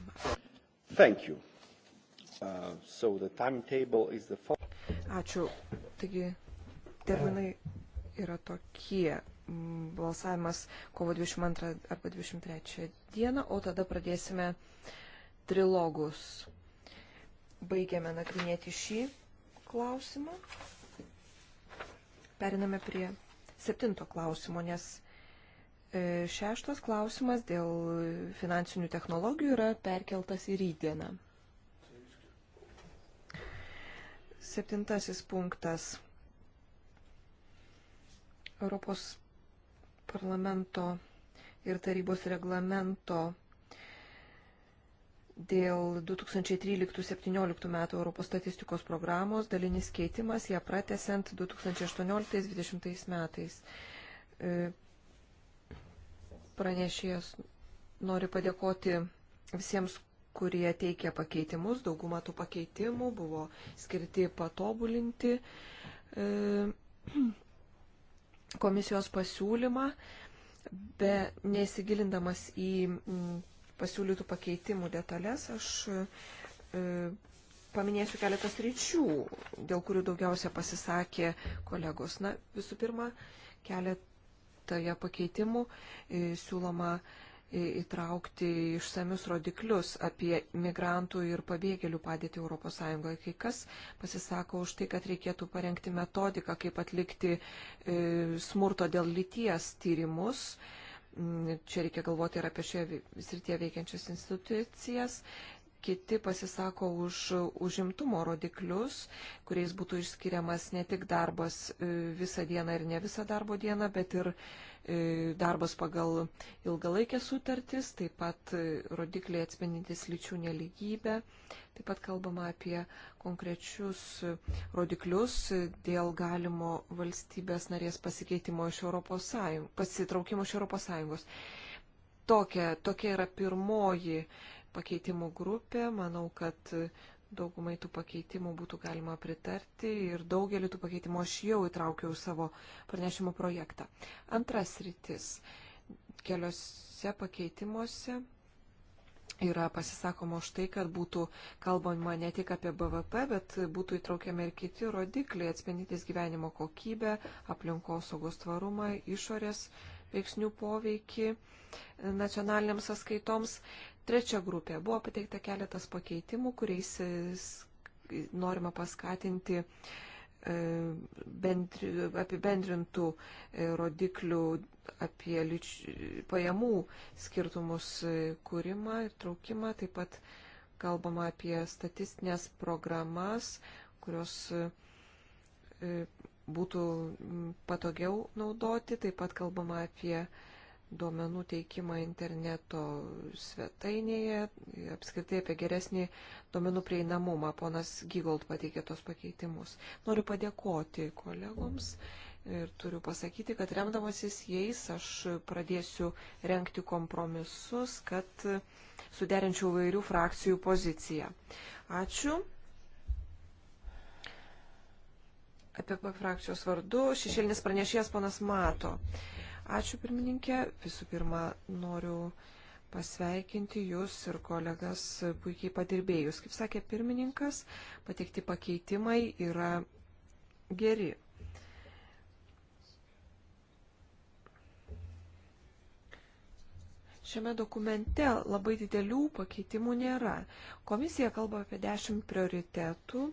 A: Thank
C: you. Uh, so the timetable is the
B: Ačiū. Taigi, terminai yra tokie. Mm, balsavimas kovo 22 arba 23 dieną, o tada pradėsime trilogus. Baigiame nagrinėti šį klausimą. Periname prie septinto klausimo, nes e, šeštas klausimas dėl finansinių technologijų yra perkeltas į rydieną. Septintasis punktas Europos parlamento ir tarybos reglamento dėl 2013-2017 metų Europos statistikos programos dalinis keitimas ją pratesiant 2018-2020 metais. E, pranešėjas nori padėkoti visiems, kurie teikė pakeitimus. Dauguma tų pakeitimų buvo skirti patobulinti e, komisijos pasiūlymą, be nesigilindamas į mm, pasiūlytų pakeitimų detalės, aš e, paminėsiu keletas ryčių, dėl kurių daugiausia pasisakė kolegos. Na, visų pirma, keletoje pakeitimų e, siūloma e, įtraukti išsamius rodiklius apie migrantų ir pabėgėlių padėtį ES. Kai kas pasisako už tai, kad reikėtų parengti metodiką, kaip atlikti e, smurto dėl lyties tyrimus. Mm, čia reikia galvoti ir apie šioje srityje veikiančias institucijas kiti pasisako už užimtumo rodiklius, kuriais būtų išskiriamas ne tik darbas e, visą dieną ir ne visą darbo dieną, bet ir e, darbas pagal ilgalaikę sutartis, taip pat e, rodikliai atspindintis lyčių neligybę, taip pat kalbama apie konkrečius rodiklius dėl galimo valstybės narės pasikeitimo iš Europos Sąjungos, pasitraukimo iš Europos Sąjungos. Tokia, tokia yra pirmoji pakeitimų grupė. Manau, kad daugumai tų pakeitimų būtų galima pritarti ir daugelį tų pakeitimų aš jau įtraukiau savo pranešimo projektą. Antras rytis. Keliose pakeitimuose yra pasisakoma už tai, kad būtų kalbama ne tik apie BVP, bet būtų įtraukiami ir kiti rodikliai atspindintys gyvenimo kokybę, aplinkos saugos tvarumą, išorės veiksnių poveikį nacionaliniams sąskaitoms. Trečia grupė. Buvo pateikta keletas pakeitimų, kuriais e, norima paskatinti e, bendri, apibendrintų e, rodiklių apie lyč, pajamų skirtumus kūrimą ir traukimą. Taip pat kalbama apie statistinės programas, kurios būtų patogiau naudoti. Taip pat kalbama apie duomenų teikimą interneto svetainėje, apskritai apie geresnį duomenų prieinamumą. Ponas Gygold pateikė tos pakeitimus. Noriu padėkoti kolegoms ir turiu pasakyti, kad remdamasis jais aš pradėsiu renkti kompromisus, kad suderinčiau vairių frakcijų poziciją. Ačiū. Apie frakcijos vardu šešėlinis pranešėjas ponas Mato. Uh, Ačiū pirmininkė. Visų pirma, noriu pasveikinti jūs ir kolegas puikiai padirbėjus. Kaip sakė pirmininkas, pateikti pakeitimai yra geri. Šiame dokumente labai didelių pakeitimų nėra. Komisija kalba apie 10 prioritetų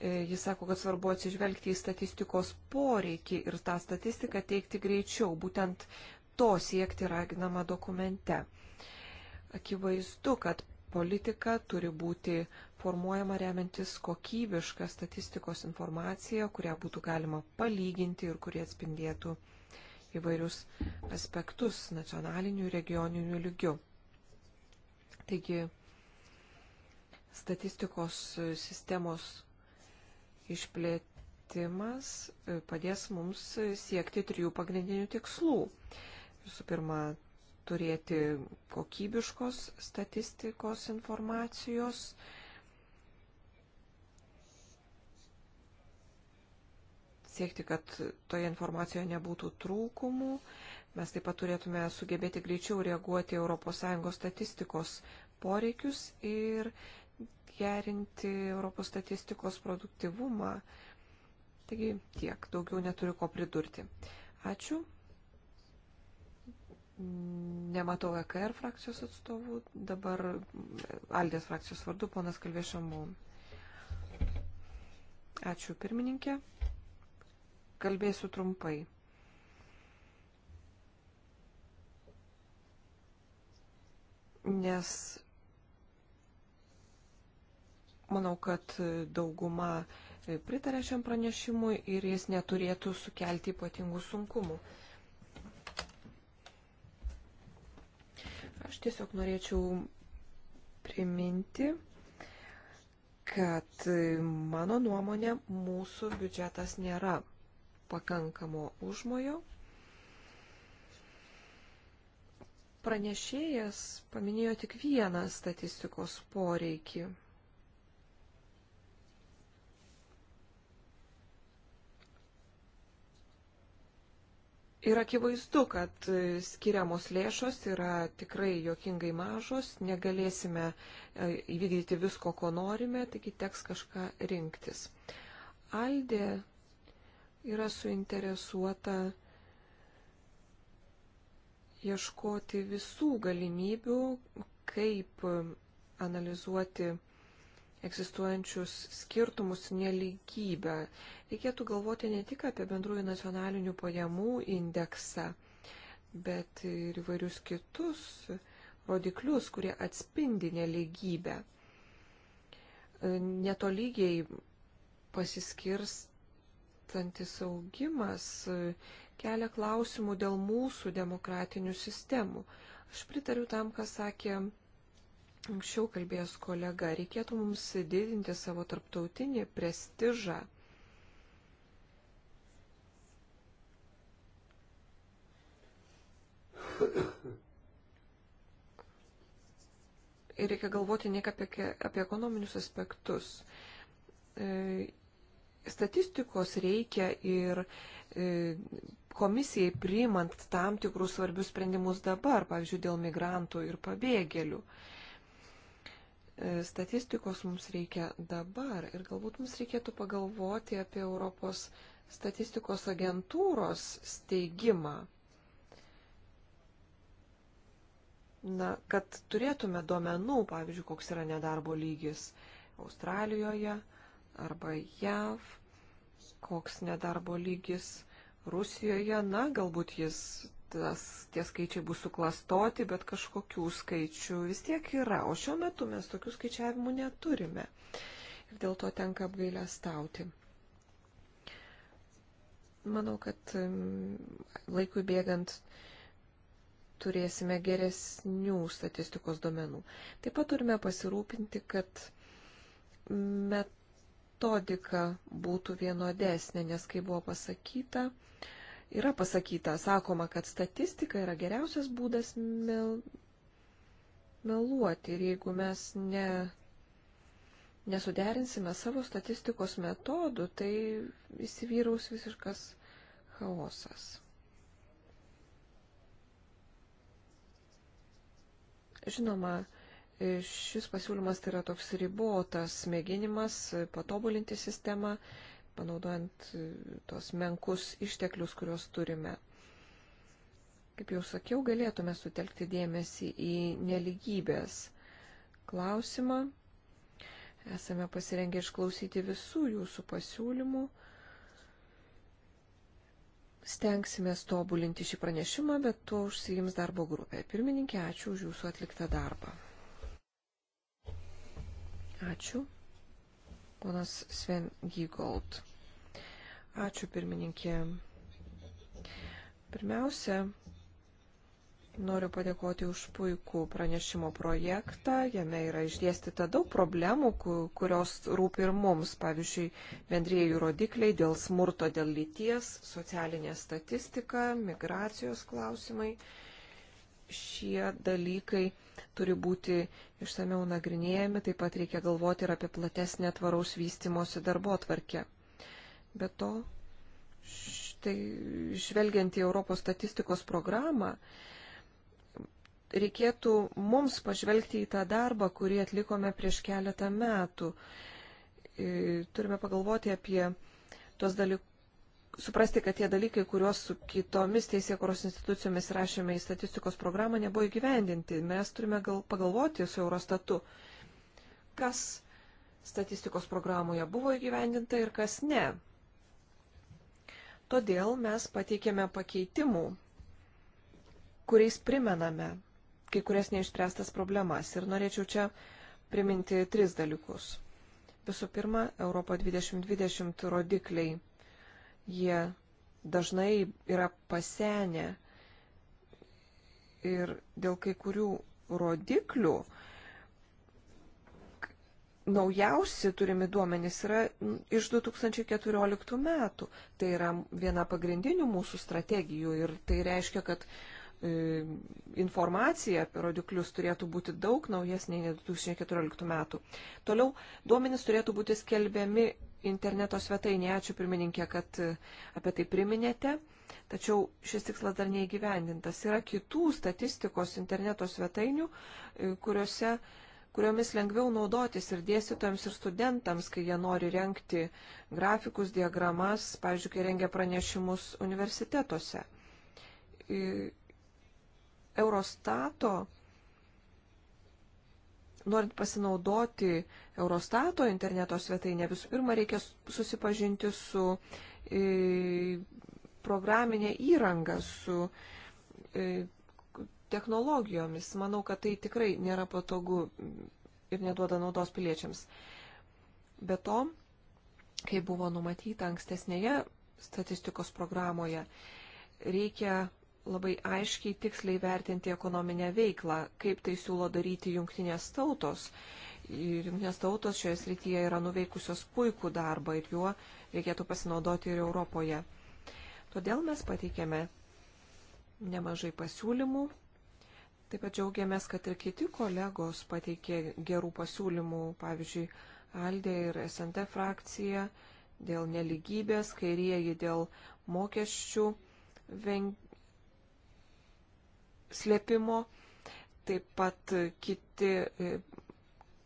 B: E, jis sako, kad svarbu atsižvelgti į statistikos poreikį ir tą statistiką teikti greičiau. Būtent to siekti raginama dokumente. Akivaizdu, kad politika turi būti formuojama remiantis kokybišką statistikos informaciją, kurią būtų galima palyginti ir kurie atspindėtų įvairius aspektus nacionalinių ir regioninių lygių. Taigi, statistikos sistemos Išplėtimas e, padės mums siekti trijų pagrindinių tikslų. Visų pirma, turėti kokybiškos statistikos informacijos. Siekti, kad toje informacijoje nebūtų trūkumų. Mes taip pat turėtume sugebėti greičiau reaguoti ES statistikos poreikius ir gerinti Europos statistikos produktivumą. Taigi tiek, daugiau neturiu ko pridurti. Ačiū. Nematau EKR frakcijos atstovų, dabar Aldės frakcijos vardu ponas Kalvėšamų. Ačiū pirmininkė. Kalbėsiu trumpai. Nes Manau, kad dauguma pritarė šiam pranešimui ir jis neturėtų sukelti ypatingų sunkumų. Aš tiesiog norėčiau priminti, kad mano nuomonė mūsų biudžetas nėra pakankamo užmojo. Pranešėjas paminėjo tik vieną statistikos poreikį Ir akivaizdu, kad e, skiriamos lėšos yra tikrai jokingai mažos, negalėsime e, įvykdyti visko, ko norime, taigi teks kažką rinktis. Aldė yra suinteresuota ieškoti visų galimybių, kaip e, analizuoti egzistuojančius skirtumus, neligybę. Reikėtų galvoti ne tik apie bendrųjų nacionalinių pajamų indeksą, bet ir įvairius kitus rodiklius, kurie atspindi neligybę. E, netolygiai pasiskirstantis augimas e, kelia klausimų dėl mūsų demokratinių sistemų. Aš pritariu tam, ką sakė anksčiau kalbėjęs kolega, reikėtų mums didinti savo tarptautinį prestižą. Ir reikia galvoti ne apie, apie ekonominius aspektus. E, statistikos reikia ir e, komisijai priimant tam tikrus svarbius sprendimus dabar, pavyzdžiui, dėl migrantų ir pabėgėlių. E, statistikos mums reikia dabar ir galbūt mums reikėtų pagalvoti apie Europos statistikos agentūros steigimą. Na, kad turėtume duomenų, pavyzdžiui, koks yra nedarbo lygis Australijoje arba JAV, koks nedarbo lygis Rusijoje, na, galbūt jis tas, tie skaičiai bus suklastoti, bet kažkokių skaičių vis tiek yra. O šiuo metu mes tokių skaičiavimų neturime. Ir dėl to tenka apgailę stauti. Manau, kad mm, laikui bėgant turėsime geresnių statistikos domenų. Taip pat turime pasirūpinti, kad metodika būtų vienodesnė, nes kaip buvo pasakyta, yra pasakyta, sakoma, kad statistika yra geriausias būdas mel, meluoti ir jeigu mes ne, nesuderinsime savo statistikos metodų, tai įsivyraus visiškas chaosas. Žinoma, šis pasiūlymas tai yra toks ribotas mėginimas patobulinti sistemą, panaudojant e, tos menkus išteklius, kuriuos turime. Kaip jau sakiau, galėtume sutelkti dėmesį į neligybės klausimą. Esame pasirengę išklausyti visų jūsų pasiūlymų. Stengsime tobulinti šį pranešimą, bet tuo užsijims darbo grupė. Pirmininkė, ačiū už jūsų atliktą darbą. Ačiū ponas Sven Gygold. Ačiū pirmininkė. Pirmiausia, noriu padėkoti už puikų pranešimo projektą. Jame yra išdėstyta daug problemų, kurios rūpi ir mums. Pavyzdžiui, bendrėjų rodikliai dėl smurto, dėl lyties, socialinė statistika, migracijos klausimai šie dalykai turi būti išsameu nagrinėjami, taip pat reikia galvoti ir apie platesnę tvaraus vystimosi darbo atvarkę. Be to, štai žvelgiant į Europos statistikos programą, reikėtų mums pažvelgti į tą darbą, kurį atlikome prieš keletą metų. E, turime pagalvoti apie tuos dalykus suprasti, kad tie dalykai, kuriuos su kitomis teisėkuros institucijomis rašėme į statistikos programą, nebuvo įgyvendinti. Mes turime gal pagalvoti su Eurostatu, kas statistikos programoje buvo įgyvendinta ir kas ne. Todėl mes pateikėme pakeitimų, kuriais primename kai kurias neišspręstas problemas. Ir norėčiau čia priminti tris dalykus. Visų pirma, Europo 2020 rodikliai Jie dažnai yra pasenę ir dėl kai kurių rodiklių naujausi turimi duomenys yra iš 2014 metų. Tai yra viena pagrindinių mūsų strategijų ir tai reiškia, kad e, informacija apie rodiklius turėtų būti daug naujesnė nei 2014 metų. Toliau duomenys turėtų būti skelbiami interneto svetainėje. Ačiū pirmininkė, kad e, apie tai priminėte. Tačiau šis tikslas dar neįgyvendintas. Yra kitų statistikos interneto svetainių, e, kuriuose kuriomis lengviau naudotis ir dėstytojams, ir studentams, kai jie nori renkti grafikus, diagramas, pavyzdžiui, kai rengia pranešimus universitetuose. E, Eurostato norint pasinaudoti Eurostato interneto svetainė, visų pirma, reikia susipažinti su e, programinė įranga, su e, technologijomis. Manau, kad tai tikrai nėra patogu ir neduoda naudos piliečiams. Be to, kaip buvo numatyta ankstesnėje statistikos programoje, reikia labai aiškiai tiksliai vertinti ekonominę veiklą, kaip tai siūlo daryti jungtinės tautos. Jungtinės tautos šioje srityje yra nuveikusios puikų darbą ir juo reikėtų pasinaudoti ir Europoje. Todėl mes pateikėme nemažai pasiūlymų. Taip pat džiaugiamės, kad ir kiti kolegos pateikė gerų pasiūlymų, pavyzdžiui, Aldė ir SNT frakcija dėl neligybės, kairieji dėl mokesčių slėpimo. Taip pat kiti e,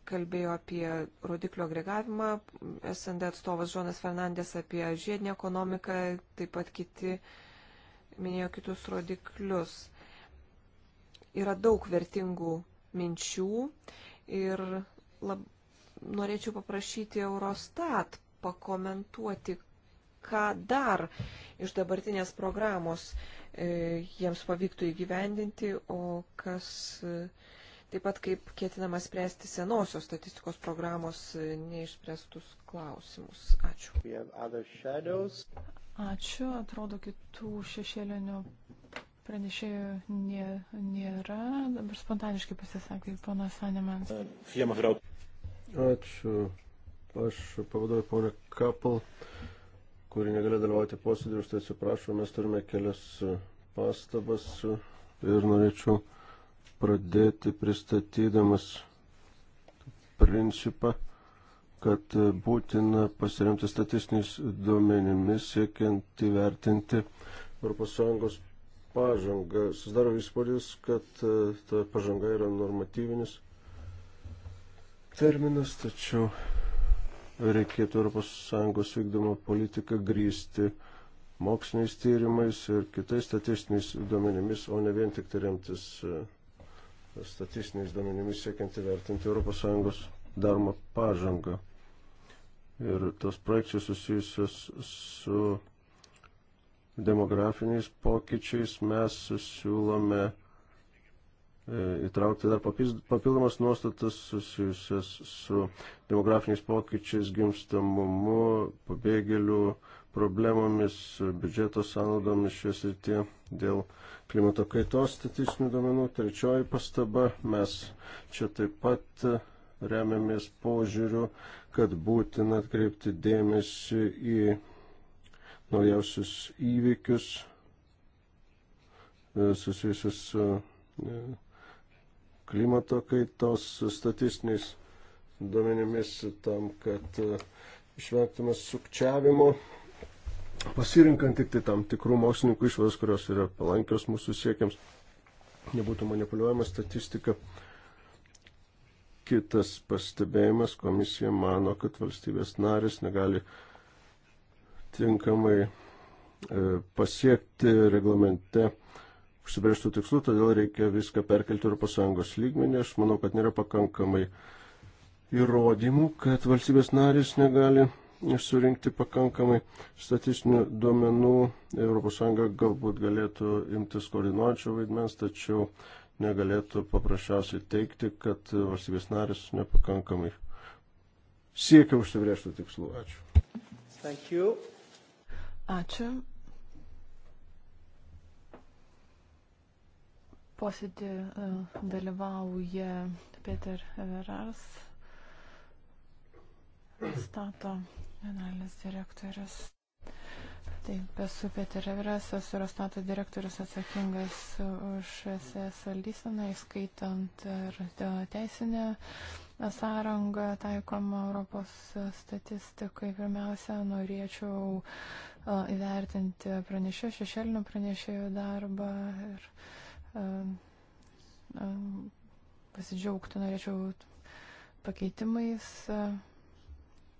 B: kalbėjo apie rodiklio agregavimą, SND atstovas Žonas Fernandės apie žiedinę ekonomiką, taip pat kiti minėjo kitus rodiklius. Yra daug vertingų minčių ir lab, norėčiau paprašyti Eurostat pakomentuoti, ką dar iš dabartinės programos uh, E, jiems pavyktų įgyvendinti, o kas e, taip pat kaip ketinama spręsti senosios statistikos programos e, neišspręstus klausimus. Ačiū.
C: Ačiū, atrodo, kitų šešėlinių pranešėjų nė, nėra. Dabar spontaniškai pasisakė ponas Animans.
A: Ačiū. Aš pavaduoju ponę Kapel kuri negalėjo dalyvauti posėdį, už tai atsiprašau, mes turime kelias e, pastabas e, ir norėčiau pradėti pristatydamas principą, kad e, būtina pasiremti statistiniais duomenimis, siekiant įvertinti ES pažangą. Susidaro įspūdis, kad ta pažanga yra normatyvinis terminas, tačiau reikėtų ES vykdomą politiką grįsti moksliniais tyrimais ir kitais statistiniais duomenimis, o ne vien tik tai remtis e, statistiniais duomenimis siekiant įvertinti ES daromą pažangą. Ir tos projekcijos susijusios su demografiniais pokyčiais mes siūlome įtraukti dar papildomas nuostatas susijusias su demografiniais pokyčiais, gimstamumu, pabėgėlių problemomis, biudžeto sąnaudomis šios ir tie dėl klimato kaitos statistinių duomenų. Trečioji pastaba, mes čia taip pat remiamės požiūriu, kad būtina atkreipti dėmesį į naujausius įvykius e, susijusius su e, klimato kaitos statistiniais duomenimis tam, kad e, išvengtume sukčiavimo, pasirinkant tik tai tam tikrų mokslininkų išvadas, kurios yra palankios mūsų siekiams, nebūtų manipuliuojama statistika. Kitas pastebėjimas, komisija mano, kad valstybės narės negali tinkamai e, pasiekti reglamente užsibrėžtų tikslų, todėl reikia viską perkelti Europos Sąjungos lygmenį. Aš manau, kad nėra pakankamai įrodymų, kad valstybės narys negali surinkti pakankamai statistinių duomenų. ES galbūt galėtų imtis koordinuojančio vaidmens, tačiau negalėtų paprasčiausiai teikti, kad valstybės narys nepakankamai siekia užsibrėžtų tikslų.
C: Ačiū. Ačiū. posėdį e, dalyvauja Peter Veras, stato generalinis direktorius. Taip, esu Peter Veras, esu Rostato direktorius atsakingas už SS valdyseną, įskaitant ir teisinę sąrangą taikomą Europos statistikai. Pirmiausia, norėčiau e, įvertinti pranešėjų, šešėlinių pranešėjų darbą. Ir, uh, pasidžiaugti norėčiau pakeitimais e,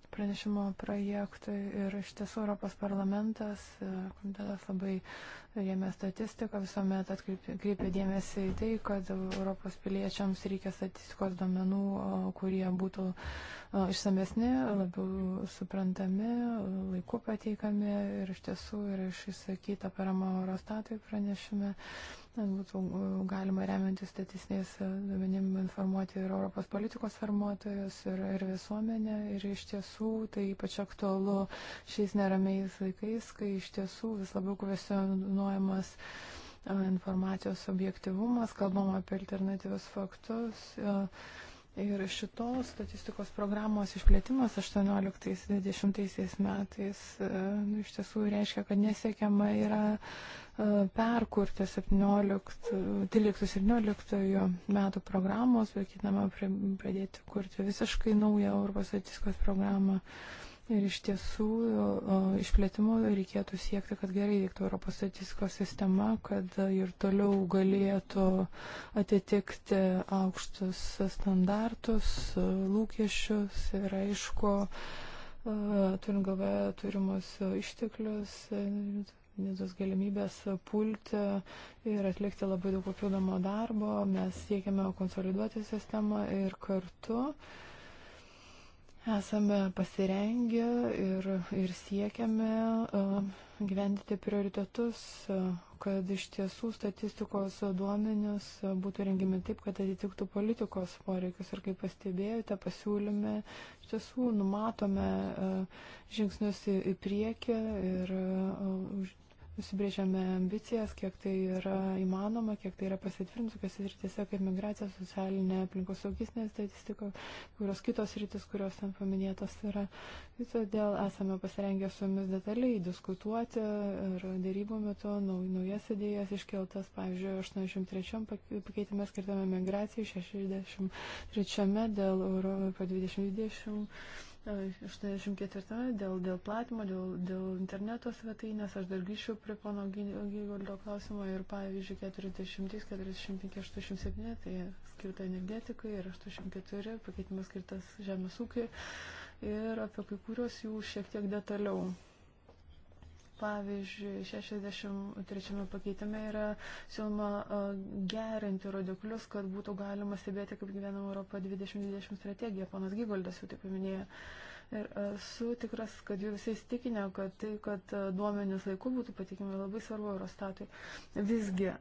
C: pranešimo projektui ir iš tiesų Europos parlamentas, e, komitetas labai rėmė statistiką, visuomet atkreipė dėmesį į tai, kad Europos piliečiams reikia statistikos domenų, kurie būtų e, išsamesni, labiau suprantami, laiku pateikami ir iš tiesų yra išsakyta parama Eurostatui pranešime būtų e, galima remiantis statistiniais e, duomenim informuoti ir Europos politikos formuotojus, ir, ir visuomenę. Ir iš tiesų tai ypač aktualu šiais neramiais laikais, kai iš tiesų vis labiau kvestionuojamas e, informacijos objektivumas, kalbama apie alternatyvius faktus. Uh, Ir šitos statistikos programos išplėtimas 18-20 metais e, nu, iš tiesų reiškia, kad nesiekiama yra e, perkurti 17-17 metų programos, bet kitame pradėti kurti visiškai naują Europos statistikos programą. Uh, Ir iš tiesų išplėtimo reikėtų siekti, kad gerai veiktų Europos statistikos sistema, kad ir toliau galėtų atitikti aukštus standartus, lūkesčius ir aišku, turint galvoje turimus išteklius, visos galimybės pulti ir atlikti labai daug papildomo darbo. Mes siekiame konsoliduoti sistemą ir kartu uh, Esame pasirengę ir, ir siekiame e, gyventi prioritetus, e, kad iš tiesų statistikos duomenės e, būtų rengimi taip, kad atitiktų politikos poreikius. Ir kaip pastebėjote, pasiūlyme iš tiesų numatome žingsnius į priekį ir nusibrėžiame ambicijas, kiek tai yra įmanoma, kiek tai yra pasitvirtinta, tokios rytise kaip migracija, socialinė aplinkos saugisnė statistika, kurios kitos rytis, kurios ten paminėtos yra. Ir todėl esame pasirengę su jumis detaliai diskutuoti ir dėrybų metu naujas idėjas iškeltas, pavyzdžiui, 83 pakeitime skirtame migracijai, 63 dėl Europo 2020 84 dėl, dėl platimo, dėl, dėl interneto svetainės, aš dar grįšiu prie pono Gygoldo klausimo ir pavyzdžiui 40, 45, 87, tai skirta energetikai ir 84 pakeitimas skirtas žemės ūkiai ir apie kai kuriuos jų šiek tiek detaliau. Pavyzdžiui, 63 pakeitime yra siūloma gerinti rodiklius, kad būtų galima stebėti, kaip gyvena Europa 2020 strategija. Ponas Gygoldas jau taip paminėjo. Ir esu tikras, kad jau visi įstikinę, kad tai, kad duomenys laiku būtų patikimi, labai svarbu Eurostatui. Visgi.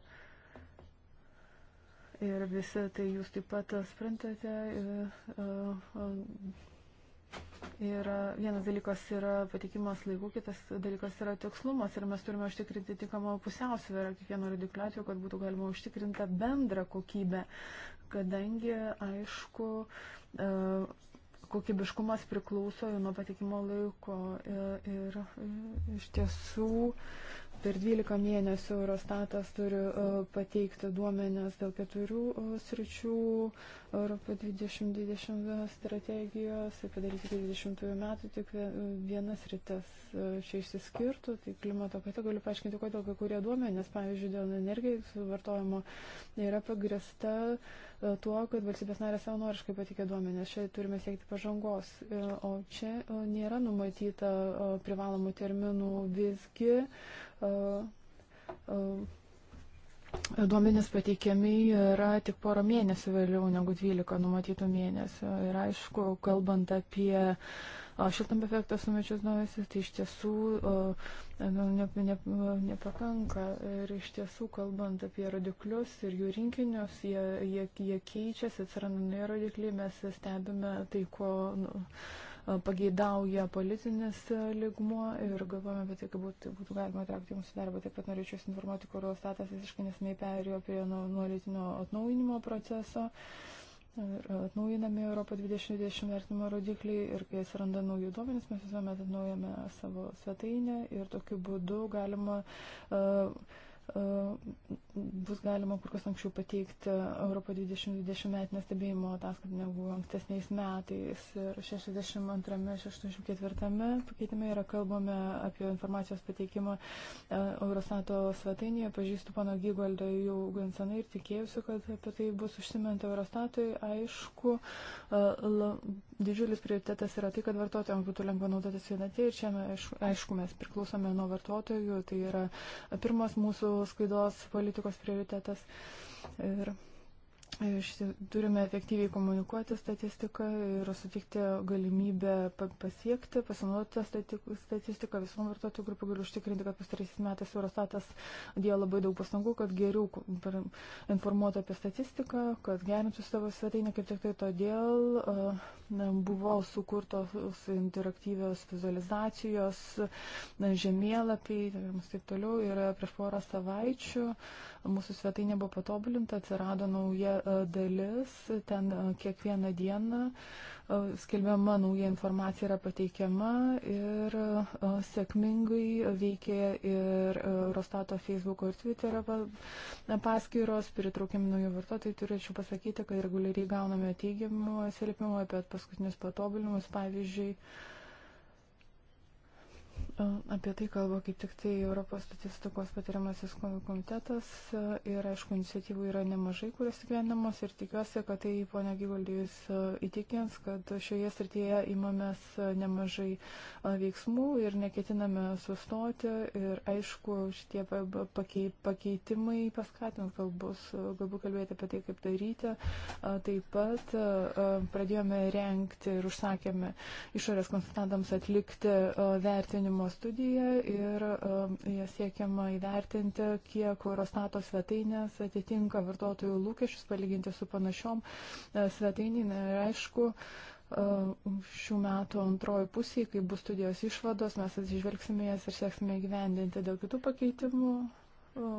C: Ir visi tai jūs taip pat sprantate. Ir, ir, ir, yra, vienas dalykas yra patikimas laikų, kitas dalykas yra tikslumas ir mes turime užtikrinti tikamą pusiausvyrą kiekvieno rodiklio atveju, kad būtų galima užtikrinti bendrą kokybę, kadangi, aišku, e, kokybiškumas priklauso jau nuo patikimo laiko e, ir, ir e, iš tiesų Per 12 mėnesių Eurostatas turi e, pateikti duomenės dėl keturių e, sričių Europo 2020 strategijos ir tai padaryti 20 metų tik e, vienas rytas čia išsiskirtų. Tai klimato kaita galiu paaiškinti, kodėl kai kurie duomenės, pavyzdžiui, dėl energijos vartojimo yra pagrista E, tuo, kad valstybės narės savanoriškai patikė duomenės. Čia turime siekti pažangos. E, o čia e, nėra numatyta privalomų terminų visgi. Duomenys pateikiami yra tik porą mėnesių vėliau negu 12 numatytų mėnesių. Ir aišku, kalbant apie uh, šiltam efektą sumečius naujasis, tai iš tiesų nu, ne, ne, nepakanka. Ir iš tiesų, kalbant apie rodiklius ir jų rinkinius, jie, jie, jie keičiasi, atsiranda nauji rodikliai, mes stebime tai, ko. Nu, pageidauja politinis ligmuo ir galvojame apie tai, kaip būtų, tai būtų galima traukti mūsų darbą. Taip pat norėčiau informuoti, kur Eurostatas visiškai nesiniai perėjo prie nuolatinio atnaujinimo proceso. Uh, Ir atnaujinami Europo 2020 vertinimo rodikliai ir kai atsiranda naujų duomenys, mes visuomet atnaujame savo svetainę ir tokiu būdu galima uh, E, bus galima kur kas anksčiau pateikti Europo 2020 metinę stebėjimo ataskaitą negu ankstesniais metais. Ir 62-64 pakeitime yra kalbame apie informacijos pateikimą e, Eurostato svetainėje. Pažįstu pano Gygoldą jau gan senai ir tikėjusiu, kad apie tai bus užsiminta Eurostatui. Aišku, e, didžiulis prioritetas yra tai, kad vartotojams būtų lengva naudotis vienatė ir čia, aišku, mes priklausome nuo vartotojų, tai yra pirmas mūsų sklaidos politikos prioritetas. Ir Turime efektyviai komunikuoti statistiką ir sutikti galimybę pasiekti, pasinaudoti statistiką visom vartotojų grupių. Galiu užtikrinti, kad pastaraisiais metais Eurostatas dėjo labai daug pastangų, kad geriau informuotų apie statistiką, kad gerintų savo svetainę. Kaip tik tai todėl buvo sukurtos interaktyvios vizualizacijos, žemėlapiai ir taip toliau. Ir prieš porą savaičių mūsų svetainė buvo patobulinta, atsirado nauja dalis, ten kiekvieną dieną skelbiama nauja informacija yra pateikiama ir sėkmingai veikia ir Rostato Facebook ir Twitterio paskyros, pritraukiami naujų vartotojų. Turėčiau pasakyti, kad reguliariai gauname teigiamų atsiliepimų apie paskutinius patobulinimus, pavyzdžiui, Apie tai kalba kaip tik tai Europos statistikos patiriamasis komitetas e, ir, aišku, iniciatyvų yra nemažai, kurios tikrinamos ir tikiuosi, kad tai ponia Gyvaldijus e, įtikins, kad šioje srityje imamės e, nemažai veiksmų ir neketiname sustoti ir, aišku, šitie pakeitimai paskatins galbūt, galbūt kalbėti apie tai, kaip daryti. Taip pat pradėjome renkti ir užsakėme išorės konsultantams atlikti vertinimą vertinimo studija ir um, jie siekiama įvertinti, kiek Eurostato svetainės atitinka vartotojų lūkesčius palyginti su panašiom e, svetainėm. Ir aišku, e, šių metų antroji pusė, kai bus studijos išvados, mes atsižvelgsime jas ir sieksime gyvendinti dėl kitų pakeitimų. E,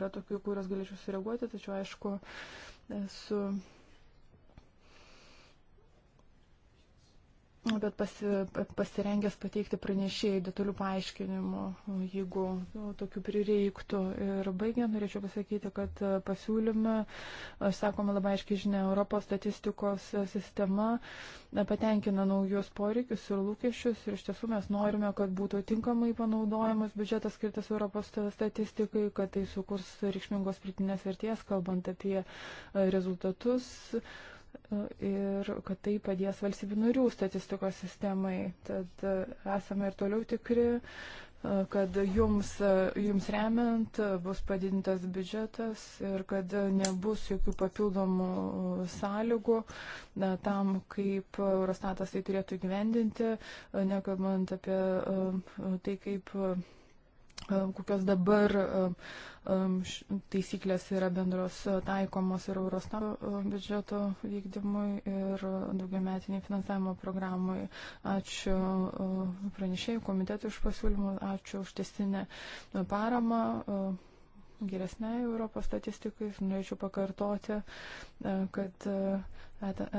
C: yra tokių, kuriuos galėčiau sureaguoti, tačiau aišku, su. Esu bet pasi, pasirengęs pateikti pranešėjai detalių paaiškinimų, jeigu nu, tokių prireiktų. Ir baigiant, norėčiau pasakyti, kad pasiūlyme, sakoma labai aiškiai žinia, Europos statistikos sistema patenkina naujus poreikius ir lūkesčius ir iš tiesų mes norime, kad būtų tinkamai panaudojamas biudžetas skirtas Europos statistikai, kad tai sukurs reikšmingos pritinės verties, kalbant apie rezultatus ir kad tai padės valstybių narių statistikos sistemai. Tad e, esame ir toliau tikri, e, kad jums, e, jums remiant bus padidintas biudžetas ir kad nebus jokių papildomų sąlygų na, tam, kaip Eurostatas tai turėtų gyvendinti, nekalbant apie tai, kaip E, kokios dabar e, e, taisyklės yra bendros taikomos ir Eurostato biudžeto vykdymui ir daugiametiniai finansavimo programai. Ačiū pranešėjų komitetų iš pasiūlymų, ačiū už testinę paramą geresnei Europos statistikai. Norėčiau pakartoti, kad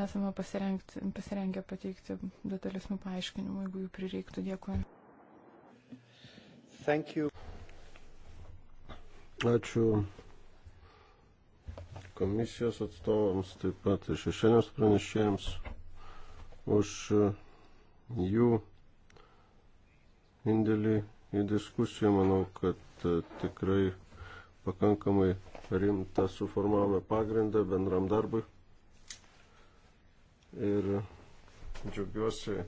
C: esame pasirengę pateikti detalesnių paaiškinimų, jeigu jų prireiktų. Dėkui.
A: Thank you. Ačiū komisijos atstovams, taip pat ir šešėliams pranešėjams už jų indėlį į diskusiją. Manau, kad e, tikrai pakankamai rimtą suformavome pagrindą bendram darbui. Ir džiaugiuosi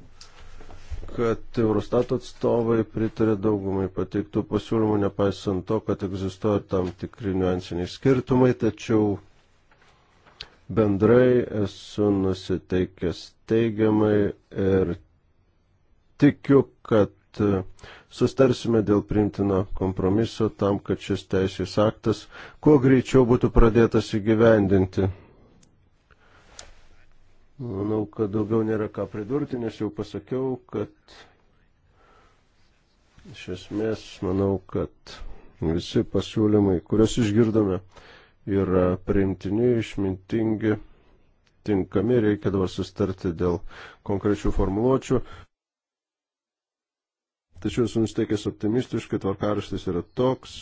A: kad Eurostato atstovai pritarė daugumai pateiktų pasiūlymų, nepaisant to, kad egzistuoja tam tikri niuansiniai skirtumai, tačiau bendrai esu nusiteikęs teigiamai ir tikiu, kad sustarsime dėl primtino kompromiso tam, kad šis teisės aktas kuo greičiau būtų pradėtas įgyvendinti. Manau, kad daugiau nėra ką pridurti, nes jau pasakiau, kad iš esmės manau, kad visi pasiūlymai, kuriuos išgirdome, yra priimtini, išmintingi, tinkami, reikia dabar sustarti dėl konkrečių formuluočių. Tačiau esu nusteikęs optimistiškai, tvarkaraštis yra toks.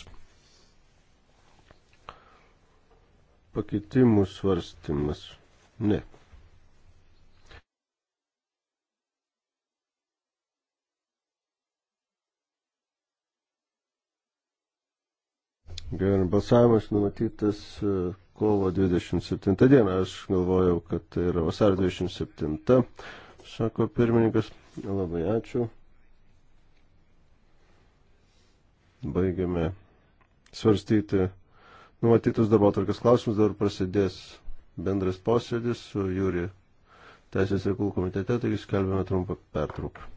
A: Pakeitimų svarstymas. Ne. Gerai, balsavimas numatytas e, kovo 27 dieną. Aš galvojau, kad tai yra vasario 27, sako pirmininkas. Labai ačiū. Baigiame svarstyti numatytus darbo atvarkės klausimus. Dabar prasidės bendras posėdis su Jūri Teisės reikalų komitete, taigi skelbėme trumpą pertrauką.